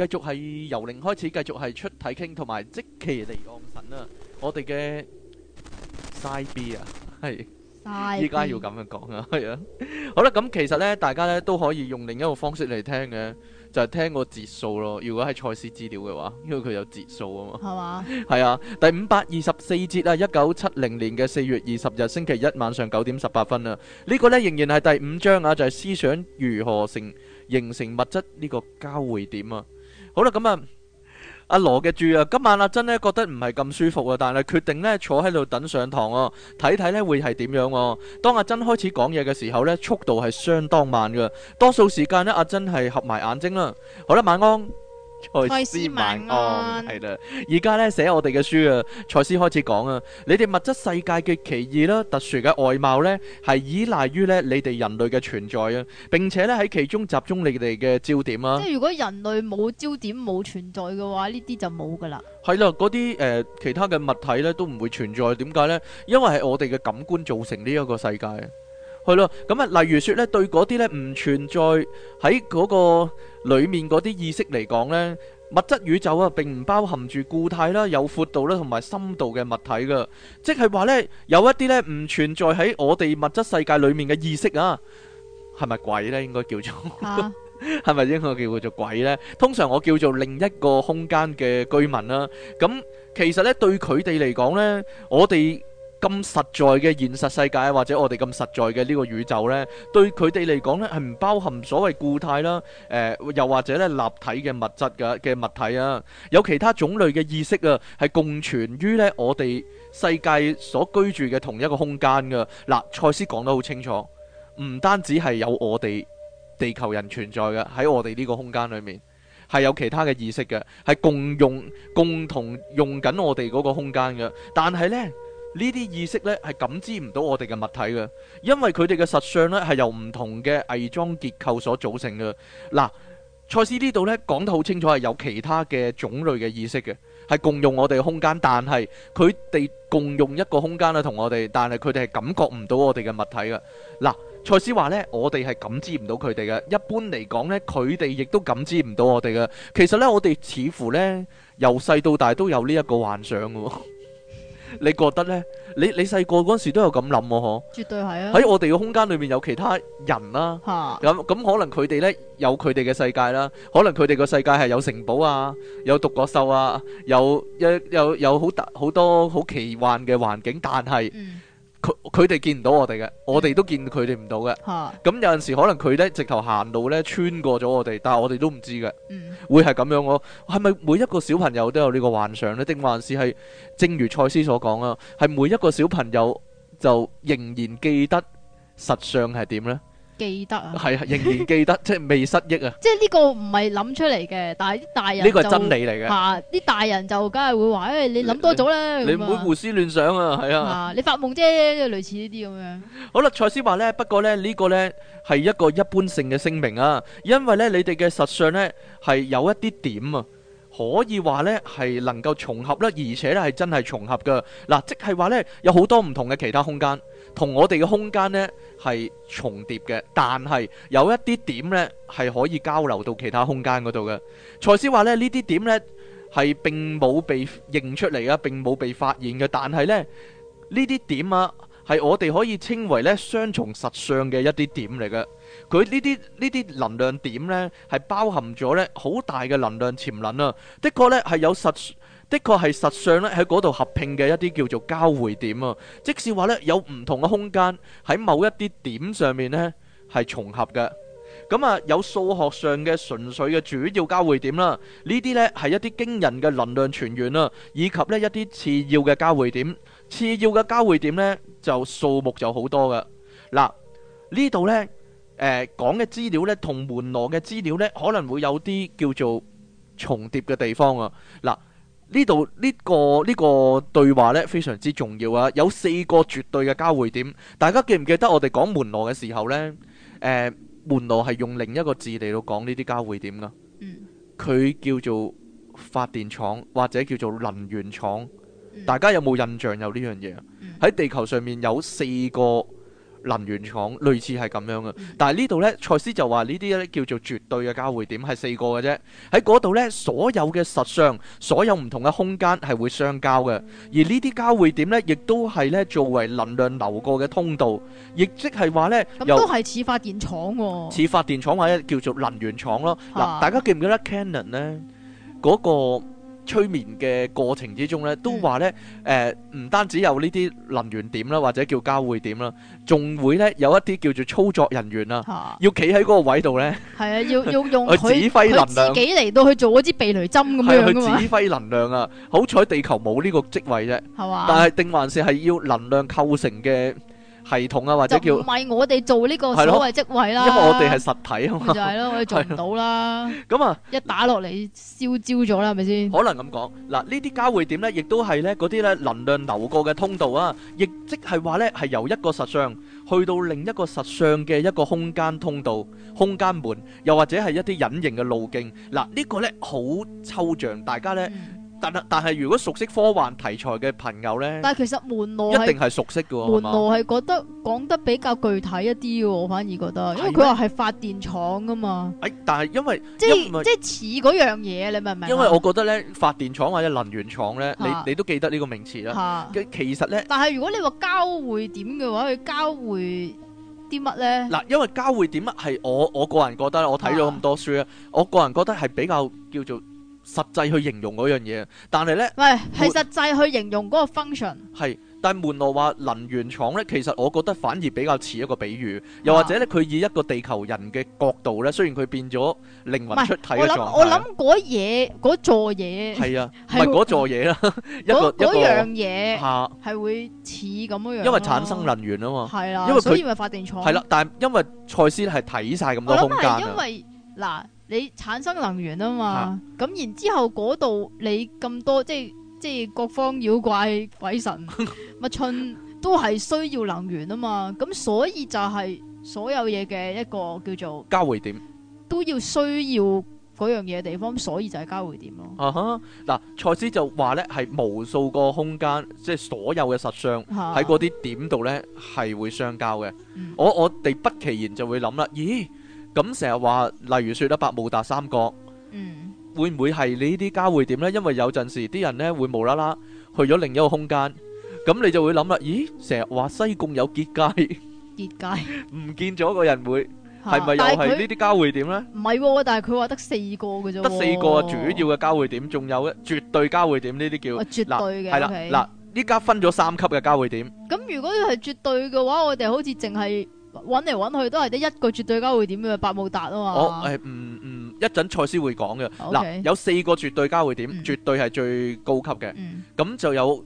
繼續係由零開始，繼續係出體傾，同埋即期嚟降神啊！我哋嘅 side B 啊，係依家要咁樣講啊，係 啊。 好啦，咁其實呢，大家呢都可以用另一個方式嚟聽嘅，就係、是、聽個節數咯。如果係賽斯資料嘅話，因為佢有節數啊嘛，係嘛吧，係啊。 第五百二十四節啊，一九七零年嘅四月二十日星期一晚上九點十八分啊。呢、這個呢，仍然係第五章啊，就係、是、思想如何形成物質呢個交匯點啊。好啦，咁啊，阿羅嘅住啊，今晚阿、啊、珍呢覺得唔係咁舒服啊，但係決定呢坐喺度等上堂啊，睇睇呢會係點樣哦、啊。當阿、啊、珍開始講嘢嘅時候呢，速度係相當慢㗎，多數時間呢，阿珍係合埋眼睛啦。好啦，晚安。蔡斯曼哦，係啦。而家咧寫我哋嘅書啊，蔡斯開始講啊，你哋物質世界嘅奇異啦，特殊嘅外貌咧，係依賴於咧你哋人類嘅存在啊，並且咧喺其中集中你哋嘅焦點啊。即係如果人類冇焦點冇存在嘅話，呢啲就冇噶啦。係啦，嗰啲誒其他嘅物體咧都唔會存在。點解咧？因為係我哋嘅感官造成呢一個世界。係咯，咁啊，例如說咧，對嗰啲咧唔存在喺嗰個裏面嗰啲意識嚟講咧，物質宇宙啊，並唔包含住固態啦、有闊度啦同埋深度嘅物體噶，即係話咧，有一啲咧唔存在喺我哋物質世界裏面嘅意識啊，係咪鬼咧？應該叫做，係咪應該叫做鬼咧？通常我叫做另一個空間嘅居民啦。咁其實咧，對佢哋嚟講咧，我哋。咁實在嘅現實世界，或者我哋咁實在嘅呢個宇宙呢，對佢哋嚟講呢，係唔包含所謂固態啦。誒、呃，又或者呢立體嘅物質嘅嘅物體啊，有其他種類嘅意識啊，係共存於呢我哋世界所居住嘅同一個空間㗎。嗱，賽斯講得好清楚，唔單止係有我哋地球人存在嘅，喺我哋呢個空間裏面，係有其他嘅意識嘅，係共用共同用緊我哋嗰個空間嘅，但係呢，呢啲意識咧係感知唔到我哋嘅物體嘅，因為佢哋嘅實相咧係由唔同嘅偽裝結構所組成嘅。嗱，賽斯呢度咧講得好清楚係有其他嘅種類嘅意識嘅，係共用我哋嘅空間，但係佢哋共用一個空間啊，同我哋，但係佢哋係感覺唔到我哋嘅物體嘅。嗱，賽斯話呢，我哋係感知唔到佢哋嘅。一般嚟講呢，佢哋亦都感知唔到我哋嘅。其實呢，我哋似乎呢，由細到大都有呢一個幻想嘅。你覺得呢？你你細個嗰陣時都有咁諗喎，嗬？絕對係啊！喺我哋嘅空間裏面有其他人啦、啊，咁咁哈可能佢哋呢，有佢哋嘅世界啦，可能佢哋嘅世界係有城堡啊，有獨角獸啊，有有有有好大好多好奇幻嘅環境，但係。嗯佢佢哋見唔到我哋嘅，我哋都見佢哋唔到嘅。咁、嗯、有陣時可能佢咧直頭行路呢，穿過咗我哋，但係我哋都唔知嘅。嗯、會係咁樣咯？係咪每一個小朋友都有呢個幻想呢？定還是係正如賽斯所講啊？係每一個小朋友就仍然記得實相係點呢？記得啊，係仍然記得，即係未失憶啊。即係呢個唔係諗出嚟嘅，但係啲大人呢個係真理嚟嘅。啊，啲大人就梗係、啊、會話，因、欸、你諗多咗啦，你唔會胡思亂想啊，係啊、啊。你發夢啫，類似呢啲咁樣。 好啦，賽斯話咧，不過咧呢、呢個咧係一個一般性嘅聲明啊，因為咧你哋嘅實相咧係有一啲點啊，可以話咧係能夠重合啦，而且咧係真係重合噶。嗱、啊，即係話咧有好多唔同嘅其他空間。同我哋嘅空間呢係重疊嘅，但係有一啲點呢係可以交流到其他空間嗰度嘅。賽斯話咧呢啲點呢係並冇被認出嚟啊，並冇被發現嘅，但係咧呢啲點啊係我哋可以稱為呢雙重實相嘅一啲點嚟嘅。佢呢啲呢啲能量點呢係包含咗呢好大嘅能量潛能啊！的確呢係有實。的確係實上咧喺嗰度合併嘅一啲叫做交匯點啊，即使話呢，有唔同嘅空間喺某一啲點上面呢，係重合嘅。咁啊，有數學上嘅純粹嘅主要交匯點啦，呢啲呢，係一啲驚人嘅能量傳源啊，以及呢一啲次要嘅交匯點，次要嘅交匯點數呢，就數目就好多噶。嗱，呢度呢，誒講嘅資料呢，同門羅嘅資料呢，可能會有啲叫做重疊嘅地方啊嗱。.呢度呢個呢、這個對話呢，非常之重要啊！有四個絕對嘅交匯點，大家記唔記得我哋講門羅嘅時候呢？誒、呃，門羅係用另一個字嚟到講呢啲交匯點㗎。佢叫做發電廠或者叫做能源廠。大家有冇印象有呢樣嘢喺地球上面有四個？能源廠類似係咁樣嘅，但係呢度咧，蔡司就話呢啲咧叫做絕對嘅交匯點係四個嘅啫。喺嗰度咧，所有嘅實相，所有唔同嘅空間係會相交嘅。而呢啲交匯點咧，亦都係咧作為能量流過嘅通道，亦即係話咧又咁都係似發電廠，似發電廠或者叫做能源廠咯。嗱，大家記唔記得 Canon 咧嗰個？催眠嘅過程之中咧，都話咧，誒唔單止有呢啲能源點啦，或者叫交會點啦，仲會咧有一啲叫做操作人員啊，要企喺嗰個位度咧，係啊，要要用去指揮能量，自己嚟到去做嗰支避雷針咁樣嘅嘛。係去指揮能量啊！好彩地球冇呢個職位啫，但係定還是係要能量構成嘅。系統啊，或者叫唔係我哋做呢個所謂職位啦，因為我哋係實體啊嘛，咪就係咯，我哋做唔到啦。咁啊，一打落嚟燒焦咗啦，係咪先？可能咁講嗱，呢啲交會點咧，亦都係咧嗰啲咧能量流過嘅通道啊，亦即係話咧係由一個實相去到另一個實相嘅一個空間通道、空間門，又或者係一啲隱形嘅路徑嗱，呢個咧好抽象，大家咧。但係如果熟悉科幻題材嘅朋友呢，但係其實門路一定係熟悉嘅喎，門路係覺得講得比較具體一啲喎，我反而覺得，嗎因為佢話係發電廠㗎嘛。欸、但係因為即係似嗰樣嘢，你明唔明？因為我覺得呢，發電廠或者能源廠呢，啊、你，你都記得呢個名詞啦。啊、其實呢，但係如果你話交會點嘅話，佢交會啲乜呢？嗱，因為交會點啊係我我個人覺得，我睇咗咁多書啊，我個人覺得係比較叫做實際去形容嗰樣嘢，但係咧，喂，係實際去形容嗰個 function。係，但係門羅話能源廠咧，其實我覺得反而比較似一個比喻，又或者咧，佢、啊、以一個地球人嘅角度咧，雖然佢變咗靈魂出體嘅狀態。唔係，我諗嗰嘢嗰座嘢係啊，唔係嗰座嘢啦， 那一個樣嘢係會似咁樣樣、啊，因為產生能源啊嘛，係啦、啊，因為所以咪發電廠係啦，但係因為賽斯係睇晒咁多空間因為嗱。 你產生能源啊嘛，咁、啊、然之後嗰度你咁多即係即係各方妖怪鬼神乜 春都係需要能源啊嘛，咁所以就係所有嘢嘅一個叫做交匯點，都要需要嗰樣嘢嘅地方，所以就係交匯點咯。嗱、uh，賽、huh. 斯就話呢，係無數個空間，即、就、係、是、所有嘅實相喺嗰啲點度呢係會相交嘅、啊。我我哋不其然就會諗啦，咦？咁成日話，例如説啊，百慕達三角，嗯，會唔會係呢啲交匯點咧？因為有陣時啲人咧會無啦啦去咗另一個空間，咁你就會諗啦，咦？成日話西貢有結界，結界唔見咗一個人，會係咪又係呢啲交匯點咧？唔係喎，但係佢話得四個㗎啫，得四個主要嘅交匯點，仲有咧絕對交匯點呢啲叫絕對嘅，係啦，嗱，依家分咗三級嘅交匯點。咁如果係絕對嘅話，我哋好似淨係，揾嚟揾去，都係得一個絕對交會點嘅百慕達啊嘛。我誒唔唔，一陣蔡司會講嘅。嗱，有四個絕對交會點，絕對係最高級嘅。咁就有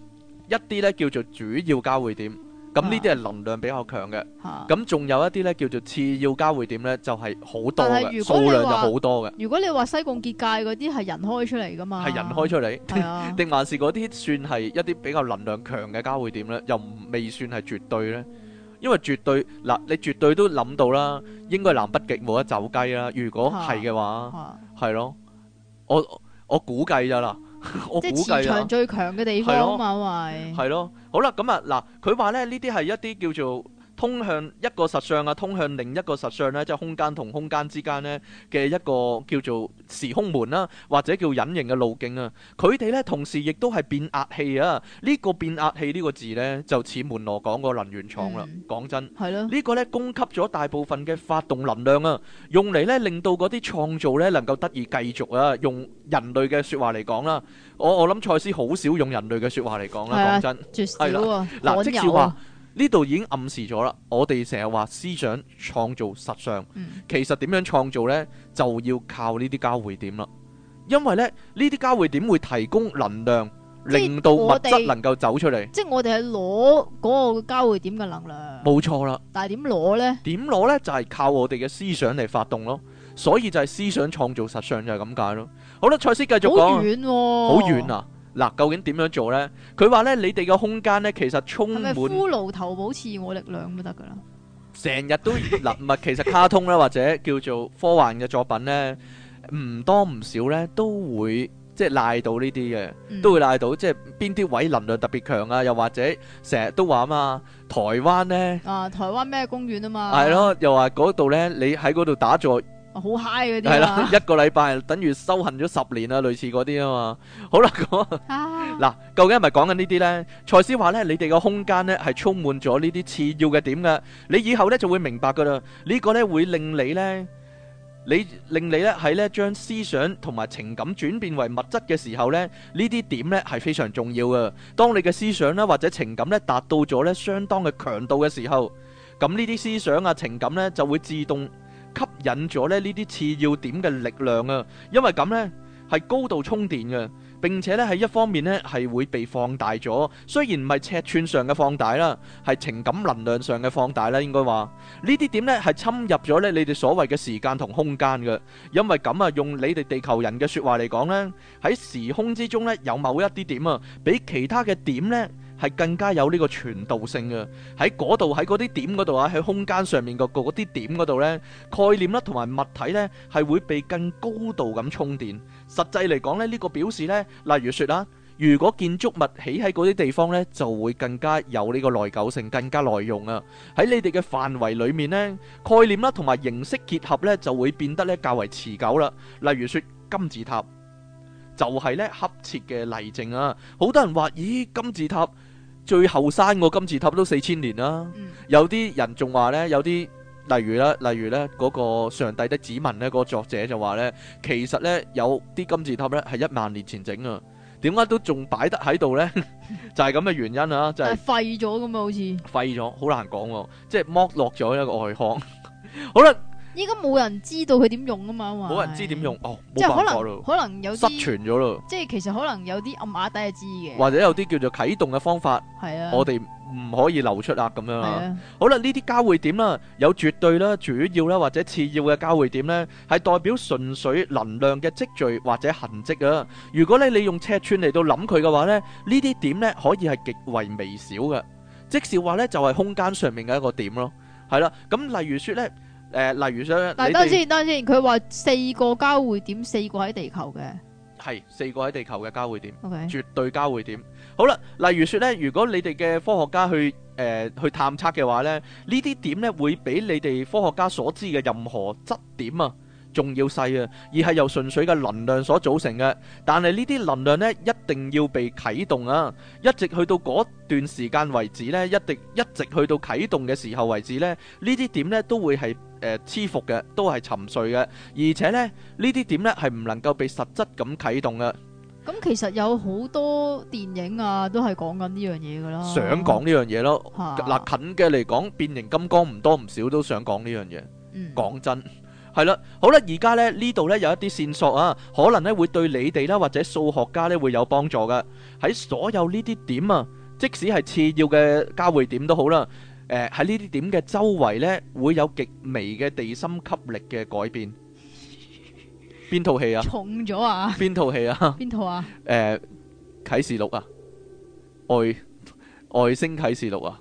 一啲咧叫做主要交會點，咁呢啲係能量比較強嘅。咁仲有一啲咧叫做次要交會點咧，就係好多嘅，數量就好多嘅。如果你話西貢結界嗰啲係人開出嚟噶嘛？係人開出嚟，定還是嗰啲算係一啲比較能量強嘅交會點咧？又唔未算係絕對咧？因為絕對嗱，你絕對都諗到啦，應該係南北極冇得走雞啦。如果係嘅話，係、啊啊、咯，我我估計咗啦，我估計啊，前場最強嘅地方啊嘛，係咯。係懷咯，咯，好啦，咁啊嗱，佢話咧呢啲係一啲叫做。通向一個實相啊，通向另一個實相咧、啊，即係空間同空間之間呢嘅一個叫做時空門啦、啊，或者叫隱形嘅路徑啊。佢哋呢，同時亦都係變壓器啊。呢、這個變壓器呢個字呢，就似門羅講個能源廠啦。嗯、講真，係咯了。呢個呢，供給咗大部分嘅發動能量啊，用嚟呢，令到嗰啲創造呢能夠得以繼續啊。用人類嘅説話嚟講啦、啊，我我諗賽斯好少用人類嘅説話嚟講啦、啊。嗯、講真，係啦了，呢度已經暗示咗啦，我哋成日話思想創造實相，嗯、其實點樣創造呢？就要靠呢啲交匯點啦。因為呢，呢啲交匯點會提供能量，令到物質能夠走出嚟。即係我哋係攞嗰個交匯點嘅能量。冇錯啦。但係點攞呢？點攞呢？就係、是、靠我哋嘅思想嚟發動咯。所以就係思想創造實相就係咁解咯。好啦，賽斯繼續講。好遠喎、哦！好遠啊！嗱、啊，究竟點樣做咧？佢話咧，你哋個空間咧，其實充滿，係咪骷髏頭保持我力量都得㗎啦？成日都嗱，物 其實卡通咧，或者叫做科幻嘅作品咧，唔多唔少咧，都會即係賴到呢啲嘅，嗯、都會賴到即係邊啲位能量特別強啊？又或者成日都話啊嘛，台灣咧啊，台灣咩公園啊嘛，係咯，又話嗰度咧，你喺嗰度打坐。好 high 嗰啲係啦，一個禮拜等於修行咗十年啊，類似嗰啲啊嘛。好啦，嗱，究竟係咪講緊呢啲咧？賽斯話咧，你哋個空間咧係充滿咗呢啲次要嘅點噶。你以後咧就會明白噶啦。呢個咧會令你咧，你令你咧係咧將思想同埋情感轉變為物質嘅時候咧，呢啲點咧係非常重要噶。當你嘅思想咧或者情感咧達到咗咧相當嘅強度嘅時候，咁呢啲思想啊情感咧就會自動。吸引咗咧呢啲次要點嘅力量啊，因為咁呢係高度充電嘅，並且呢喺一方面呢係會被放大咗，雖然唔係尺寸上嘅放大啦，係情感能量上嘅放大啦，應該話呢啲點呢係侵入咗呢你哋所謂嘅時間同空間嘅，因為咁啊，用你哋地球人嘅說話嚟講呢喺時空之中呢有某一啲點啊，比其他嘅點呢。係更加有呢個傳導性嘅，喺嗰度喺嗰啲點嗰度啊，喺空間上面個嗰啲點嗰度咧，概念啦同埋物體咧係會被更高度咁充電。實際嚟講咧呢個表示咧，例如說啦，如果建築物起喺嗰啲地方咧，就會更加有呢個耐久性，更加耐用啊。喺你哋嘅範圍裏面咧，概念啦同埋形式結合咧就會變得咧較為持久啦。例如說金字塔，就係咧恰切嘅例證啊。好多人話咦，金字塔？最後生個金字塔都四千年啦，有啲人仲話咧，有啲例如咧，例如咧嗰個上帝的指紋咧，個作者就話咧，其實咧有啲金字塔咧係一萬年前整啊，點解都仲擺得喺度咧？就係咁嘅原因啊，就係廢咗咁啊，好似廢咗，好難講，即係剝落咗一個外殼，好啦。依家冇人知道佢點用啊嘛，冇人知點用哦，即係可能可能有失傳咗咯，即係其實可能有啲暗碼底係知嘅，或者有啲叫做啟動嘅方法，係啊，我哋唔可以流出啊，咁是的 樣啦。是的 好啦，呢啲交匯點啦，有絕對啦，主要啦或者次要嘅交匯點咧，係代表純粹能量嘅積聚或者痕跡啊。如果你你用尺寸嚟到諗佢嘅話咧，呢啲點咧可以係極為微小嘅，即是話咧就係空間上面嘅一個點咯。係啦，咁例如說咧。誒、呃，例如想，嗱，你們 等先，等先，佢話四個交匯點，四個喺地球嘅，係四個喺地球嘅交匯點，Okay. 絕對交匯點。好啦，例如説咧，如果你哋嘅科學家去誒、呃、去探測嘅話咧，呢啲點咧會比你哋科學家所知嘅任何質點啊，仲要細啊，而係由純粹嘅能量所組成嘅。但係呢啲能量呢，一定要被啟動啊！一直去到嗰段時間為止呢，一定一直去到啟動嘅時候為止呢，呢啲點呢都會係誒黐伏嘅，都係沉睡嘅。而且呢，呢啲點呢係唔能夠被實質咁啟動嘅。咁其實有好多電影啊，都係講緊呢樣嘢噶啦。想講呢樣嘢咯，嗱近嘅嚟講，變形金剛唔多唔少都想講呢樣嘢。講、嗯、真。係啦，好啦，而家咧呢度咧有一啲線索啊，可能咧會對你哋啦或者數學家咧會有幫助噶。喺所有呢啲點啊，即使係次要嘅交匯點都好啦。誒、呃，喺呢啲點嘅周圍咧會有極微嘅地心吸力嘅改變。邊套戲啊？重咗啊？邊套戲啊？邊套啊？誒， 呃《啟示錄》啊，外外星啟示錄啊，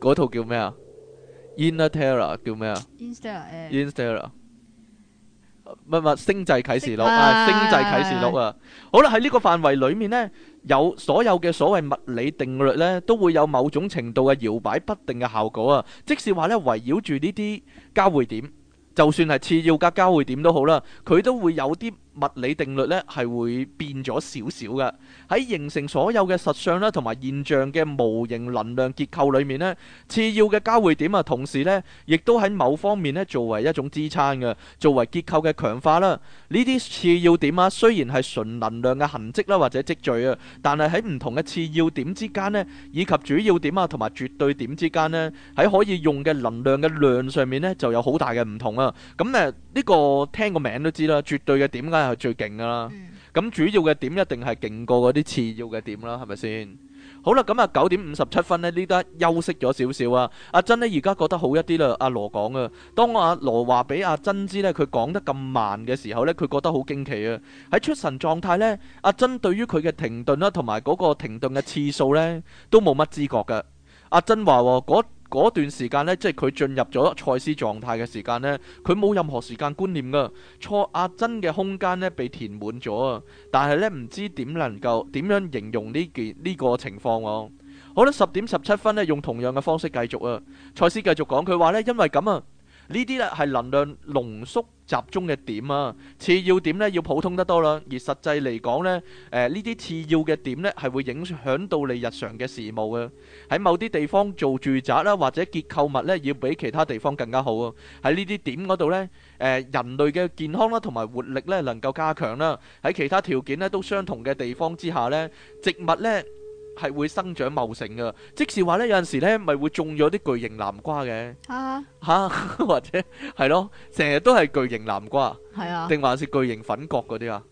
嗰套叫咩啊？Interstellar 叫咩啊？Interstellar，乜乜星際啟示錄啊！星際啟示錄啊！好啦，喺呢個範圍裡面咧，有所有嘅所謂物理定律咧，都會有某種程度嘅搖擺不定嘅效果啊！即係話咧，圍繞住呢啲交匯點，就算係次要嗰交匯點都好啦，佢都會有啲。物理定律咧，係會變咗少少嘅。喺形成所有嘅實相啦同埋現象嘅模型能量結構裏面咧，次要嘅交匯點啊，同時咧亦都喺某方面咧作為一種支撐嘅，作為結構嘅強化啦。呢啲次要點啊，雖然係純能量嘅痕跡啦或者積聚啊，但係喺唔同嘅次要點之間咧，以及主要點啊同埋絕對點之間咧，喺可以用嘅能量嘅量上面咧就有好大嘅唔同啊。咁誒呢個聽個名都知啦，絕對嘅點㗎。係最勁噶啦，咁主要嘅點一定係勁過嗰啲次要嘅點啦，係咪先？好啦，咁啊九點五十七分呢，呢得休息咗少少啊。阿珍呢，而家覺得好一啲啦。阿羅講啊，當阿羅話俾阿珍知呢，佢講得咁慢嘅時候呢，佢覺得好驚奇啊。喺出神狀態呢，阿珍對於佢嘅停頓啦，同埋嗰個停頓嘅次數呢，都冇乜知覺噶。阿珍話嗰。嗰段時間呢，即係佢進入咗賽斯狀態嘅時間呢，佢冇任何時間觀念㗎，錯壓真嘅空間呢，被填滿咗啊！但係呢，唔知點能夠點樣形容呢件呢個情況喎？好啦，十點十七分呢，用同樣嘅方式繼續啊！賽斯繼續講佢話呢，因為咁啊。呢啲咧係能量濃縮集中嘅點啊，次要點呢要普通得多啦。而實際嚟講呢，誒呢啲次要嘅點呢係會影響到你日常嘅事務嘅。喺某啲地方做住宅啦，或者結構物呢，要比其他地方更加好啊。喺呢啲點嗰度呢，誒人類嘅健康啦同埋活力呢能夠加強啦。喺其他條件呢都相同嘅地方之下呢，植物呢，係會生長茂盛噶，即是話咧有陣時咧咪會種咗啲巨型南瓜嘅，吓吓、啊啊、或者係咯，成日都係巨型南瓜，係啊，定還是巨型粉葛嗰啲啊？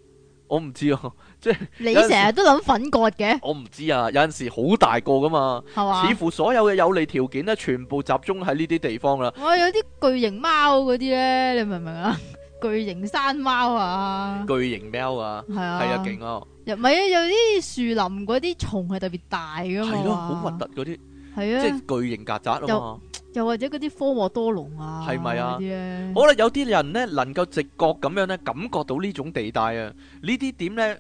我唔知啊，即係你成日都諗粉葛嘅，我唔知啊，有陣時好大個噶嘛，啊、似乎所有嘅有利條件咧，全部集中喺呢啲地方啦。我有啲巨型貓嗰啲咧，你明唔明啊？ 巨型山貓啊！巨型貓啊！係啊，係啊，勁咯！又唔係啊？有啲樹林嗰啲蟲係特別大噶嘛？係咯，好核突嗰啲。係啊，即係巨型曱甴啊嘛！又或者嗰啲科莫多龍啊？係咪啊？好啦，有啲人咧能夠直覺咁樣咧，感覺到呢種地帶啊。呢啲點咧，誒，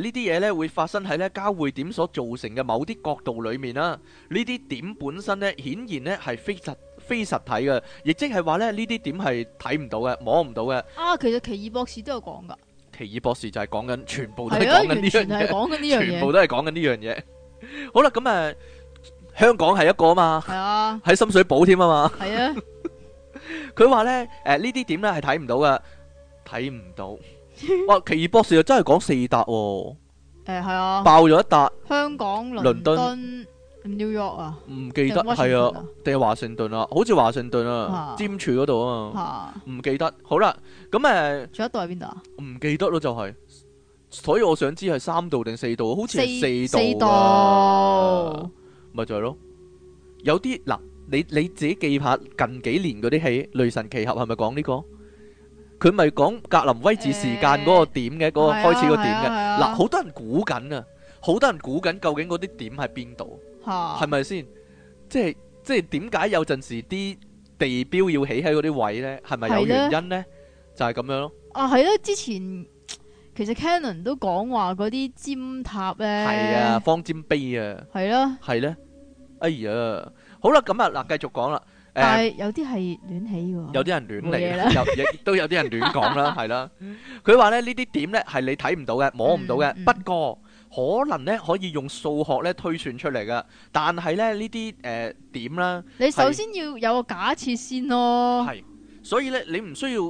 呢啲嘢咧會發生喺咧交會點所造成嘅某啲角度裏面啦。呢啲點本身咧，顯然咧係非實。非實體嘅，亦即係話咧呢啲點係睇唔到嘅，摸唔到嘅。啊，其實奇異博士都有講噶。奇異博士就係講緊全部都係講緊呢樣嘢。全部都係講緊呢樣嘢。好啦，咁、嗯、誒，香港係一個啊嘛。係啊。喺深水埗添啊嘛。係啊。佢話咧，誒呢啲點咧係睇唔到嘅，睇唔到。 哇，奇異博士又真係講四笪。誒，係啊。嗯、啊爆咗一笪。香港、倫敦。New York 啊？唔記得，係啊，定係華盛頓啊？好似華盛頓啊，啊尖柱嗰度啊？唔記得。好啦，咁、嗯、誒，仲有一度喺邊度啊？唔記得咯，就係、是，所以我想知係三度定四度？好似係四度啊？咪度、啊、就係咯，有啲嗱，你你自己記下近幾年嗰啲戲，《雷神奇俠》係咪講呢個？佢咪講格林威治時間嗰個點嘅，嗰、欸、個開始個點嘅嗱，好多人估緊啊，好多人估緊究竟嗰啲點喺邊度？係咪先？即係即係，點解有陣時啲地標要起喺嗰啲位咧？係咪有原因咧？就係咁樣咯。啊，係咯！之前其實 Canon 都講話嗰啲尖塔咧，係啊，方尖碑啊，係咯，係咧。哎呀，好啦，咁啊，嗱，繼續講啦。但係有啲係亂起嘅，有啲人亂嚟，又亦都有啲人亂講啦，係啦。佢話咧，呢啲點咧係你睇唔到嘅，摸唔到嘅。不過可能咧可以用數學咧推算出嚟㗎，但係咧呢啲誒點啦，你首先要有個假設先咯。係，所以咧你唔需要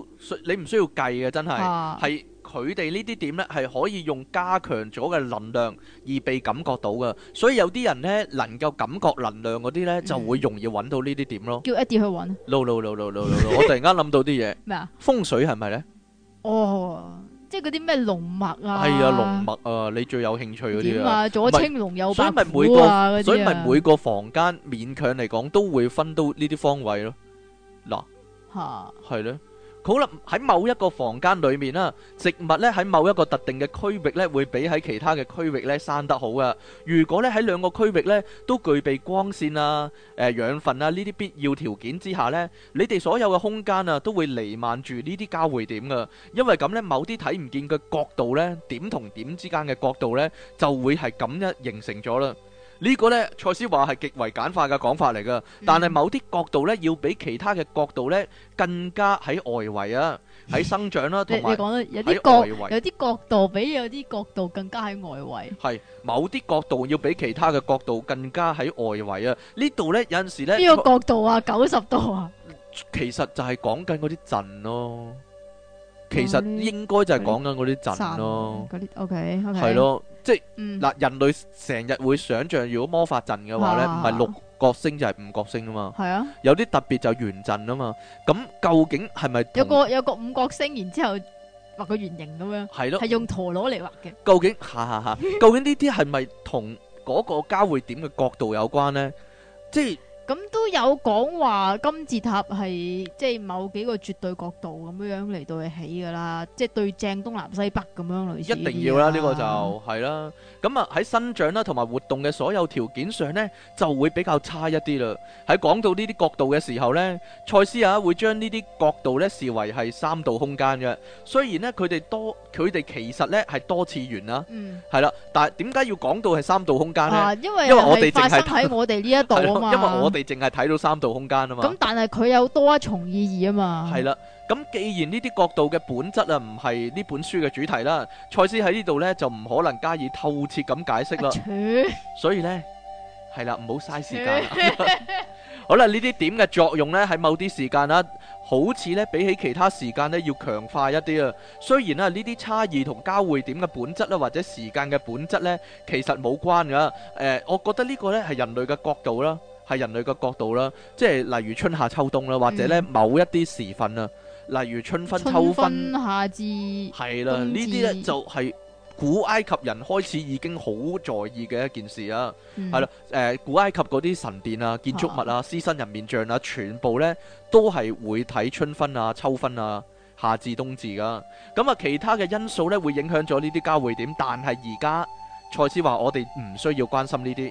你唔需要計嘅，真係係佢哋呢啲點咧係可以用加強咗嘅能量而被感覺到嘅，所以有啲人咧能夠感覺能量嗰啲咧就會容易揾到呢啲點咯。叫 Eddie 去揾。No no no no no no no！我突然間諗到啲嘢。咩啊？風水係咪咧？哦。即係嗰啲咩龍脈啊，係啊，龍脈啊，你最有興趣嗰啲啊，左、啊、青龍右白虎啊，所以咪每、啊啊、每個房間勉強嚟講都會分到呢啲方位咯、啊，嗱、啊，吓、啊，係咯。好啦，喺某一個房間裏面啦，植物咧喺某一個特定嘅區域咧，會比喺其他嘅區域咧生得好啊。如果咧喺兩個區域咧都具備光線啊、誒、呃、養分啊呢啲必要條件之下咧，你哋所有嘅空間啊都會彌漫住呢啲交匯點噶，因為咁咧某啲睇唔見嘅角度咧點同點之間嘅角度咧就會係咁樣形成咗啦。呢個咧，蔡思話係極為簡化嘅講法嚟噶，但係某啲角度咧，要比其他嘅角度咧更加喺外圍啊，喺生長啦，同埋喺外圍。有啲角度比有啲角度更加喺外圍。係某啲角度要比其他嘅角度更加喺外圍啊！呢度咧有陣時咧，呢個角度啊？九十度啊？其實就係講緊嗰啲陣咯，其實應該就係講緊嗰啲陣咯。嗰啲 OK，係咯。即係嗯嗱，人類成日會想像，如果魔法陣嘅話咧，唔係六角星就係五角星啊嘛。係啊，有啲特別就圓陣啊嘛。咁究竟係咪有個有個五角星，然之後畫個圓形咁樣？係咯，係用陀螺嚟畫嘅。究竟嚇嚇嚇，究竟呢啲係咪同嗰個交會點嘅角度有關咧？即係。咁都有講話金字塔係即係某幾個絕對角度咁樣樣嚟到去起㗎啦，即係對正東南西北咁樣嚟。一定要啦，呢個就係啦。咁啊喺生長啦同埋活動嘅所有條件上咧，就會比較差一啲啦。喺講到呢啲角度嘅時候咧，賽斯啊會將呢啲角度咧視為係三度空間嘅。雖然咧佢哋多佢哋其實咧係多次元啦，係啦。但係點解要講到係三度空間咧？因為我哋淨係喺我哋呢一度啊嘛，因為我。你哋淨係睇到三度空間啊嘛，咁但係佢有多一重意義啊嘛，係啦。咁既然呢啲角度嘅本質啊，唔係呢本書嘅主題啦，賽斯喺呢度呢就唔可能加以透徹咁解釋啦。啊、所以呢，係啦，唔取 好嘥時間。好啦，呢啲點嘅作用呢喺某啲時間啊，好似呢比起其他時間呢要強化一啲啊。雖然咧呢啲差異同交匯點嘅本質啦，或者時間嘅本質呢其實冇關噶。誒、呃，我覺得呢個呢係人類嘅角度啦。係人類嘅角度啦，即係例如春夏秋冬啦，嗯、或者呢某一啲時分啊，例如春分、春分秋分、夏至，係啦的，至呢啲呢就係、是、古埃及人開始已經好在意嘅一件事啊，係啦、嗯，誒、呃、古埃及嗰啲神殿啊、建築物啊、獅身、啊、人面像啊，全部呢都係會睇春分啊、秋分啊、夏至、冬至噶，咁啊其他嘅因素呢，會影響咗呢啲交匯點，但係而家賽斯話我哋唔需要關心呢啲。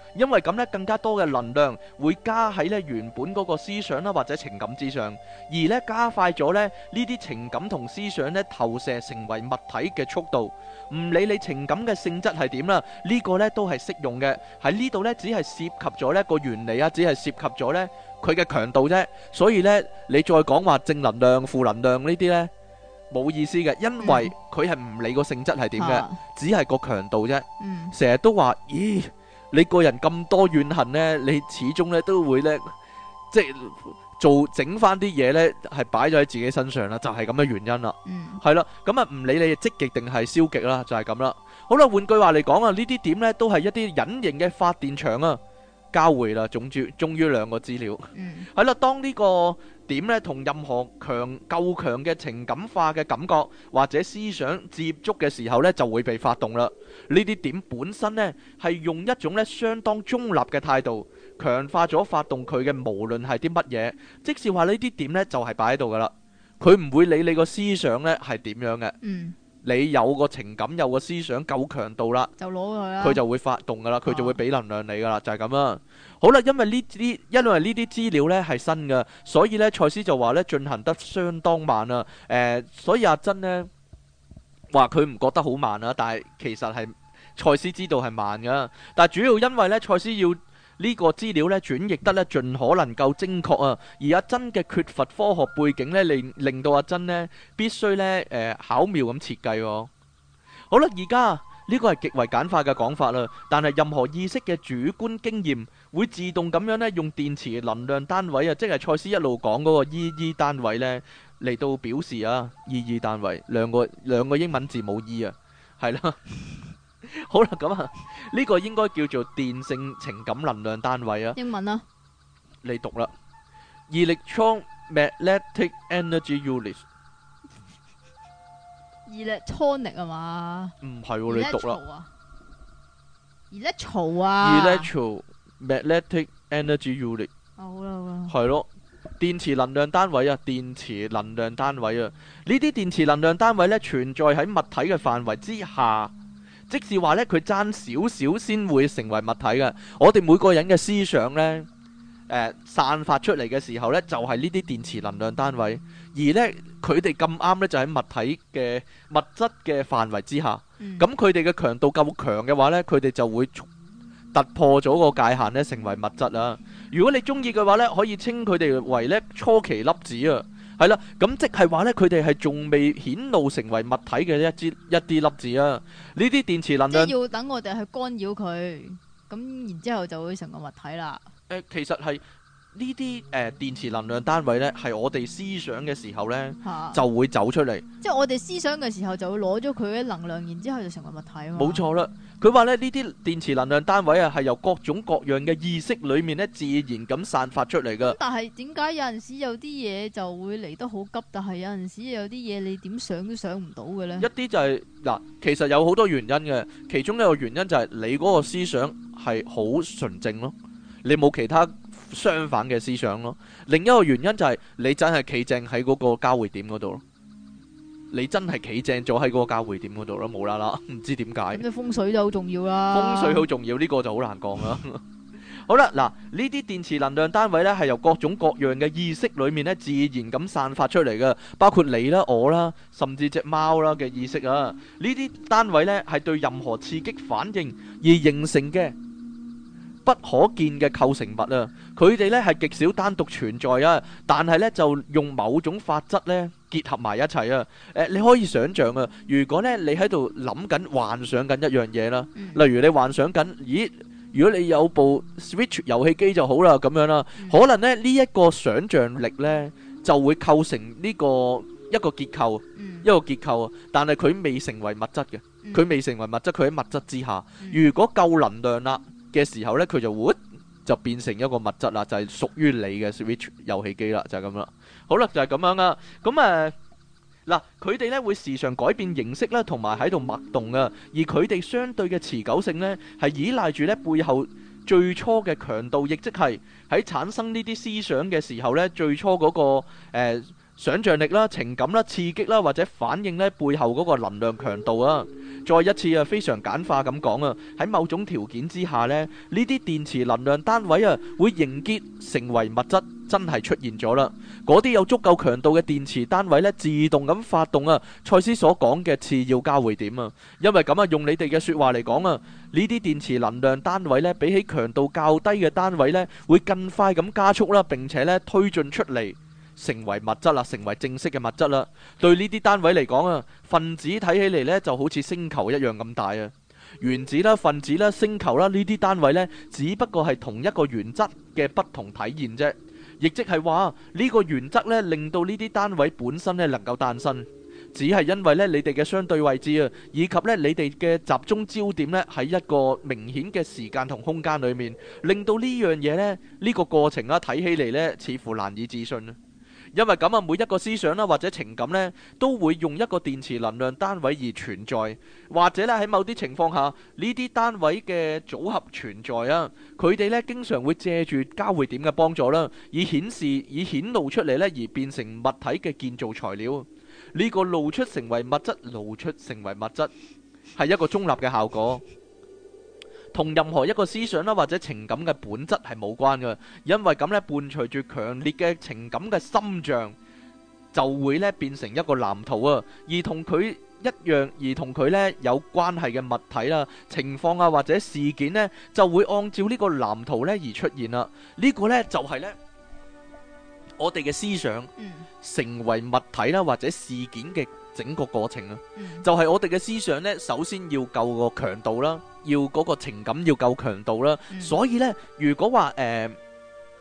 因為咁咧，更加多嘅能量會加喺咧原本嗰個思想啦或者情感之上，而咧加快咗咧呢啲情感同思想咧投射成為物體嘅速度。唔理你情感嘅性質係點啦，呢個咧都係適用嘅。喺呢度咧只係涉及咗呢個原理啊，只係涉及咗咧佢嘅強度啫。所以咧你再講話正能量、負能量呢啲咧冇意思嘅，因為佢係唔理個性質係點嘅，只係個強度啫。成日都話，咦？你個人咁多怨恨呢，你始終咧都會呢，即係做整翻啲嘢呢，係擺咗喺自己身上啦，就係咁嘅原因啦。嗯，係啦，咁啊唔理你積極定係消極啦，就係咁啦。好啦，換句話嚟講啊，呢啲點呢，都係一啲隱形嘅發電廠啊，交匯啦，總之終於兩個資料。嗯，係啦，當呢個。點咧同任何強夠強嘅情感化嘅感覺或者思想接觸嘅時候呢，就會被發動啦。呢啲點本身呢，係用一種咧相當中立嘅態度強化咗發動佢嘅，無論係啲乜嘢，即使話呢啲點呢，就係擺喺度噶啦，佢唔會理你個思想呢係點樣嘅。嗯，你有個情感，有個思想夠強度啦，佢就，就會發動噶啦，佢就會俾能量你噶啦，就係咁啊。好啦，因為呢啲，因為呢啲資料呢係新嘅，所以呢，蔡司就話呢進行得相當慢啊。誒、呃，所以阿珍呢話佢唔覺得好慢啊，但係其實係蔡司知道係慢嘅，但係主要因為呢，蔡司要呢個資料呢轉譯得呢盡可能夠精確啊，而阿珍嘅缺乏科學背景呢，令令到阿珍呢必須呢誒、呃、巧妙咁設計。好啦，而家。呢個係極為簡化嘅講法啦，但係任何意識嘅主觀經驗會自動咁樣咧，用電池能量單位啊，即係賽斯一路講嗰個 EE 單位咧，嚟到表示啊，EE 單位，兩個兩個英文字母 E 啊，係啦，好啦咁啊，呢個應該叫做電性情感能量單位啊，英文啊，你讀啦，electromagnetic energy units。electric 係嘛？唔係你讀啦。electro 啊。electromagnetic energy unit。哦，好啦。係咯，電磁能量單位啊，電磁能量單位啊，呢啲電磁能量單位呢，存在喺物體嘅範圍之下， 即是話呢，佢爭少少先會成為物體嘅。我哋每個人嘅思想呢，誒散發出嚟嘅時候呢，就係呢啲電磁能量單位。而呢，佢哋咁啱呢，就喺物體嘅物質嘅範圍之下。咁佢哋嘅強度夠強嘅話呢，佢哋就會突破咗個界限呢，成為物質啦。如果你中意嘅話呢，可以稱佢哋為呢初期粒子啊。係啦，咁即係話呢，佢哋係仲未顯露成為物體嘅一啲一啲粒子啊。呢啲電磁能量即係要等我哋去干擾佢，咁然之後，後就會成個物體啦。其實係呢啲誒電池能量單位呢，係我哋思想嘅時候呢哈就會走出嚟。即係我哋思想嘅時候，就會攞咗佢嘅能量，然之後就成為物體。冇錯啦，佢話咧，呢啲電池能量單位啊，係由各種各樣嘅意識裡面咧，自然咁散發出嚟噶。但係點解有陣時有啲嘢就會嚟得好急，但係有陣時有啲嘢你點想都想唔到嘅呢？一啲就係、是、嗱，其實有好多原因嘅，其中一個原因就係你嗰個思想係好純正咯。你冇其他相反嘅思想咯。另一個原因就係你真係企正喺嗰個交匯點嗰度咯。你真係企正咗喺個交匯點嗰度咯，冇啦啦，唔知點解。咁你風水就好重要啦。風水好重要，呢個就好難講啦。好啦，嗱，呢啲電磁能量單位咧，係由各種各樣嘅意識裡面咧，自然咁散發出嚟嘅，包括你啦、我啦，甚至隻貓啦嘅意識啊。呢啲單位咧係對任何刺激反應而形成嘅。不可見嘅構成物啊，佢哋咧係極少單獨存在啊，但係咧就用某種法則咧結合埋一齊啊。誒、呃，你可以想象啊，如果咧你喺度諗緊、幻想緊一樣嘢啦，例如你幻想緊，咦，如果你有部 Switch 遊戲機就好啦，咁樣啦、啊，可能咧呢一、這個想象力咧就會構成呢、這個一個結構，一個結構，但係佢未成為物質嘅，佢未成為物質，佢喺物質之下。如果夠能量啦。嘅時候呢，佢就會就變成一個物質啦，就係、是、屬於你嘅 Switch 遊戲機啦，就係咁啦。好啦，就係、是、咁樣啦。咁誒嗱，佢、嗯、哋呢會時常改變形式啦，同埋喺度脈動啊。而佢哋相對嘅持久性呢，係依賴住呢背後最初嘅強度，亦即係喺產生呢啲思想嘅時候呢，最初嗰、那個、呃想像力啦、情感啦、刺激啦，或者反應呢背後嗰個能量強度啊！再一次啊，非常簡化咁講啊，喺某種條件之下呢，呢啲電池能量單位啊，會凝結成為物質，真係出現咗啦！嗰啲有足夠強度嘅電池單位呢，自動咁發動啊！賽斯所講嘅次要交匯點啊，因為咁啊，用你哋嘅説話嚟講啊，呢啲電池能量單位呢，比起強度較低嘅單位呢，會更快咁加速啦，並且呢推進出嚟。成為物質啦，成為正式嘅物質啦。對呢啲單位嚟講啊，分子睇起嚟呢就好似星球一樣咁大啊。原子啦、分子啦、星球啦，呢啲單位呢，只不過係同一個原則嘅不同體現啫。亦即係話呢個原則呢令到呢啲單位本身呢能夠誕生，只係因為呢你哋嘅相對位置啊，以及呢你哋嘅集中焦點呢喺一個明顯嘅時間同空間裏面，令到呢樣嘢呢，呢個過程啊睇起嚟呢似乎難以置信啊。因為咁啊，每一個思想啦，或者情感呢，都會用一個電池能量單位而存在，或者咧喺某啲情況下，呢啲單位嘅組合存在啊，佢哋呢，經常會借住交會點嘅幫助啦，以顯示以顯露出嚟呢，而變成物體嘅建造材料。呢個露出成為物質，露出成為物質，係一個中立嘅效果。同任何一個思想啦或者情感嘅本質係冇關嘅，因為咁咧伴隨住強烈嘅情感嘅心象，就會咧變成一個藍圖啊，而同佢一樣而同佢咧有關係嘅物體啦、情況啊或者事件咧，就會按照呢個藍圖咧而出現啦。呢個咧就係咧我哋嘅思想成為物體啦或者事件嘅。整個過程啦，就係我哋嘅思想咧，首先要夠個強度啦，要嗰個情感要夠強度啦，所以咧，如果話誒，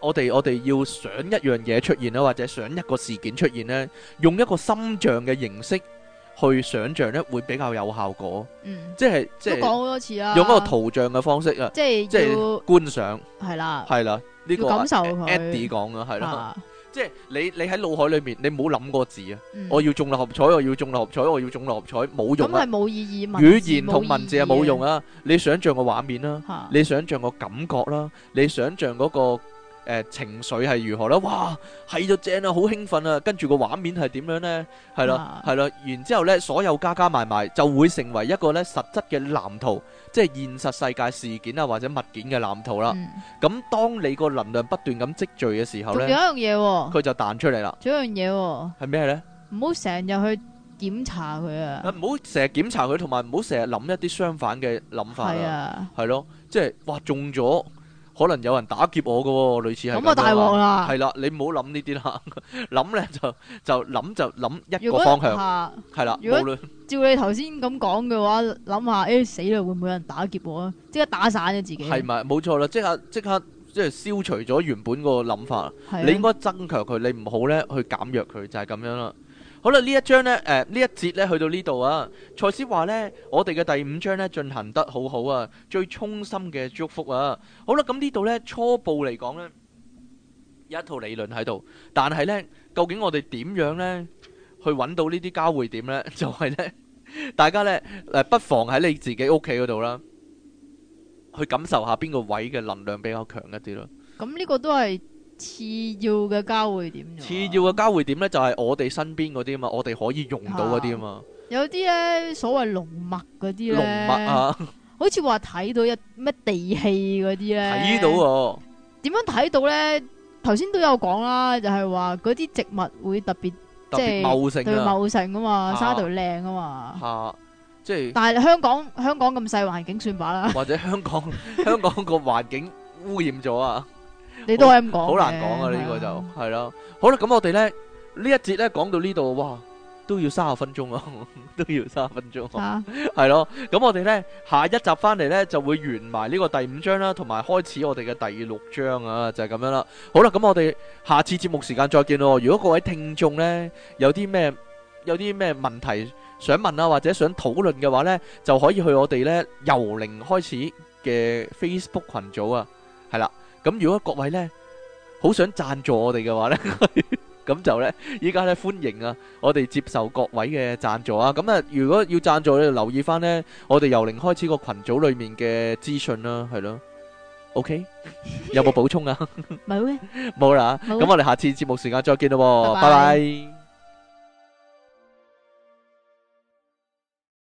我哋我哋要想一樣嘢出現啦，或者想一個事件出現咧，用一個心象嘅形式去想像咧，會比較有效果。嗯，即係即係講好多次啦，用一個圖像嘅方式啊，即係即係觀想，係啦，係啦，呢個感受，Adi 講嘅，係咯。即係你，你喺腦海裏面，你唔好諗個字啊！嗯、我要中六合彩，我要中六合彩，我要中六合彩，冇用，用啊！咁語言同文字係冇用啊！你想象個畫面啦，你想象個感覺啦，你想象嗰個誒情緒係如何啦？哇，係就正啦，好興奮啊！跟住、啊、個畫面係點樣呢？係啦，係啦、啊，然之後咧，所有加加埋埋就會成為一個咧實質嘅藍圖。即係現實世界事件啊，或者物件嘅藍圖啦。咁、嗯、當你個能量不斷咁積聚嘅時候咧，仲有一樣嘢、啊，佢就彈出嚟啦。仲有一樣嘢、啊，係咩咧？唔好成日去檢查佢啊！唔好成日檢查佢，同埋唔好成日諗一啲相反嘅諗法。係啊！係咯，即係哇中咗。可能有人打劫我噶喎，類似係咁啊！大鑊啦，係啦，你唔好諗呢啲啦，諗咧就就諗就諗一個方向，係啦。無論照你頭先咁講嘅話，諗下誒死啦，會唔會有人打劫我啊？即刻打散咗自己。係咪？冇錯啦，即刻即刻即係消除咗原本個諗法。啊、你應該增強佢，你唔好咧去減弱佢，就係、是、咁樣啦。好啦，呢一章呢，誒、呃，呢一節呢，去到呢度啊。蔡斯話呢，我哋嘅第五章呢，進行得好好啊，最衷心嘅祝福啊。好啦，咁呢度呢，初步嚟講呢，有一套理論喺度，但係呢，究竟我哋點樣呢，去揾到呢啲交會點呢？就係、是、呢，大家呢，誒，不妨喺你自己屋企嗰度啦，去感受下邊個位嘅能量比較強一啲咯。咁呢個都係。次要嘅交匯點，次要嘅交匯點咧，就係我哋身邊嗰啲啊嘛，我哋可以用到嗰啲啊嘛。有啲咧所謂龍脈嗰啲咧，龍脈啊，啊好似話睇到一咩地氣嗰啲咧，睇到哦。點樣睇到咧？頭先都有講啦，就係話嗰啲植物會特別、啊、即係茂盛茂盛啊嘛，啊沙土靚啊嘛，吓、啊、即係。但係香港香港咁細環境算把啦，或者香港 香港個環境污染咗啊。你都係咁講，好難講啊！呢個就係咯，好啦，咁我哋呢呢一節呢講到呢度，哇，都要三十分鐘啊，都要三十分鐘，係咯，咁我哋呢下一集翻嚟呢就會完埋呢個第五章啦，同埋開始我哋嘅第六章啊，就係咁樣啦。好啦，咁我哋下次節目時間再見咯。如果各位聽眾呢有啲咩有啲咩問題想問啊，或者想討論嘅話呢，就可以去我哋呢由零開始嘅 Facebook 群組啊，係啦。咁如果各位呢好想贊助我哋嘅話呢，咁就呢依家呢歡迎啊，我哋接受各位嘅贊助啊！咁啊，如果要贊助你，留意翻呢我哋由零開始個群組裏面嘅資訊啦，係咯。OK，有冇補充啊？冇嘅，冇啦。咁我哋下次節目時間再見咯，拜拜。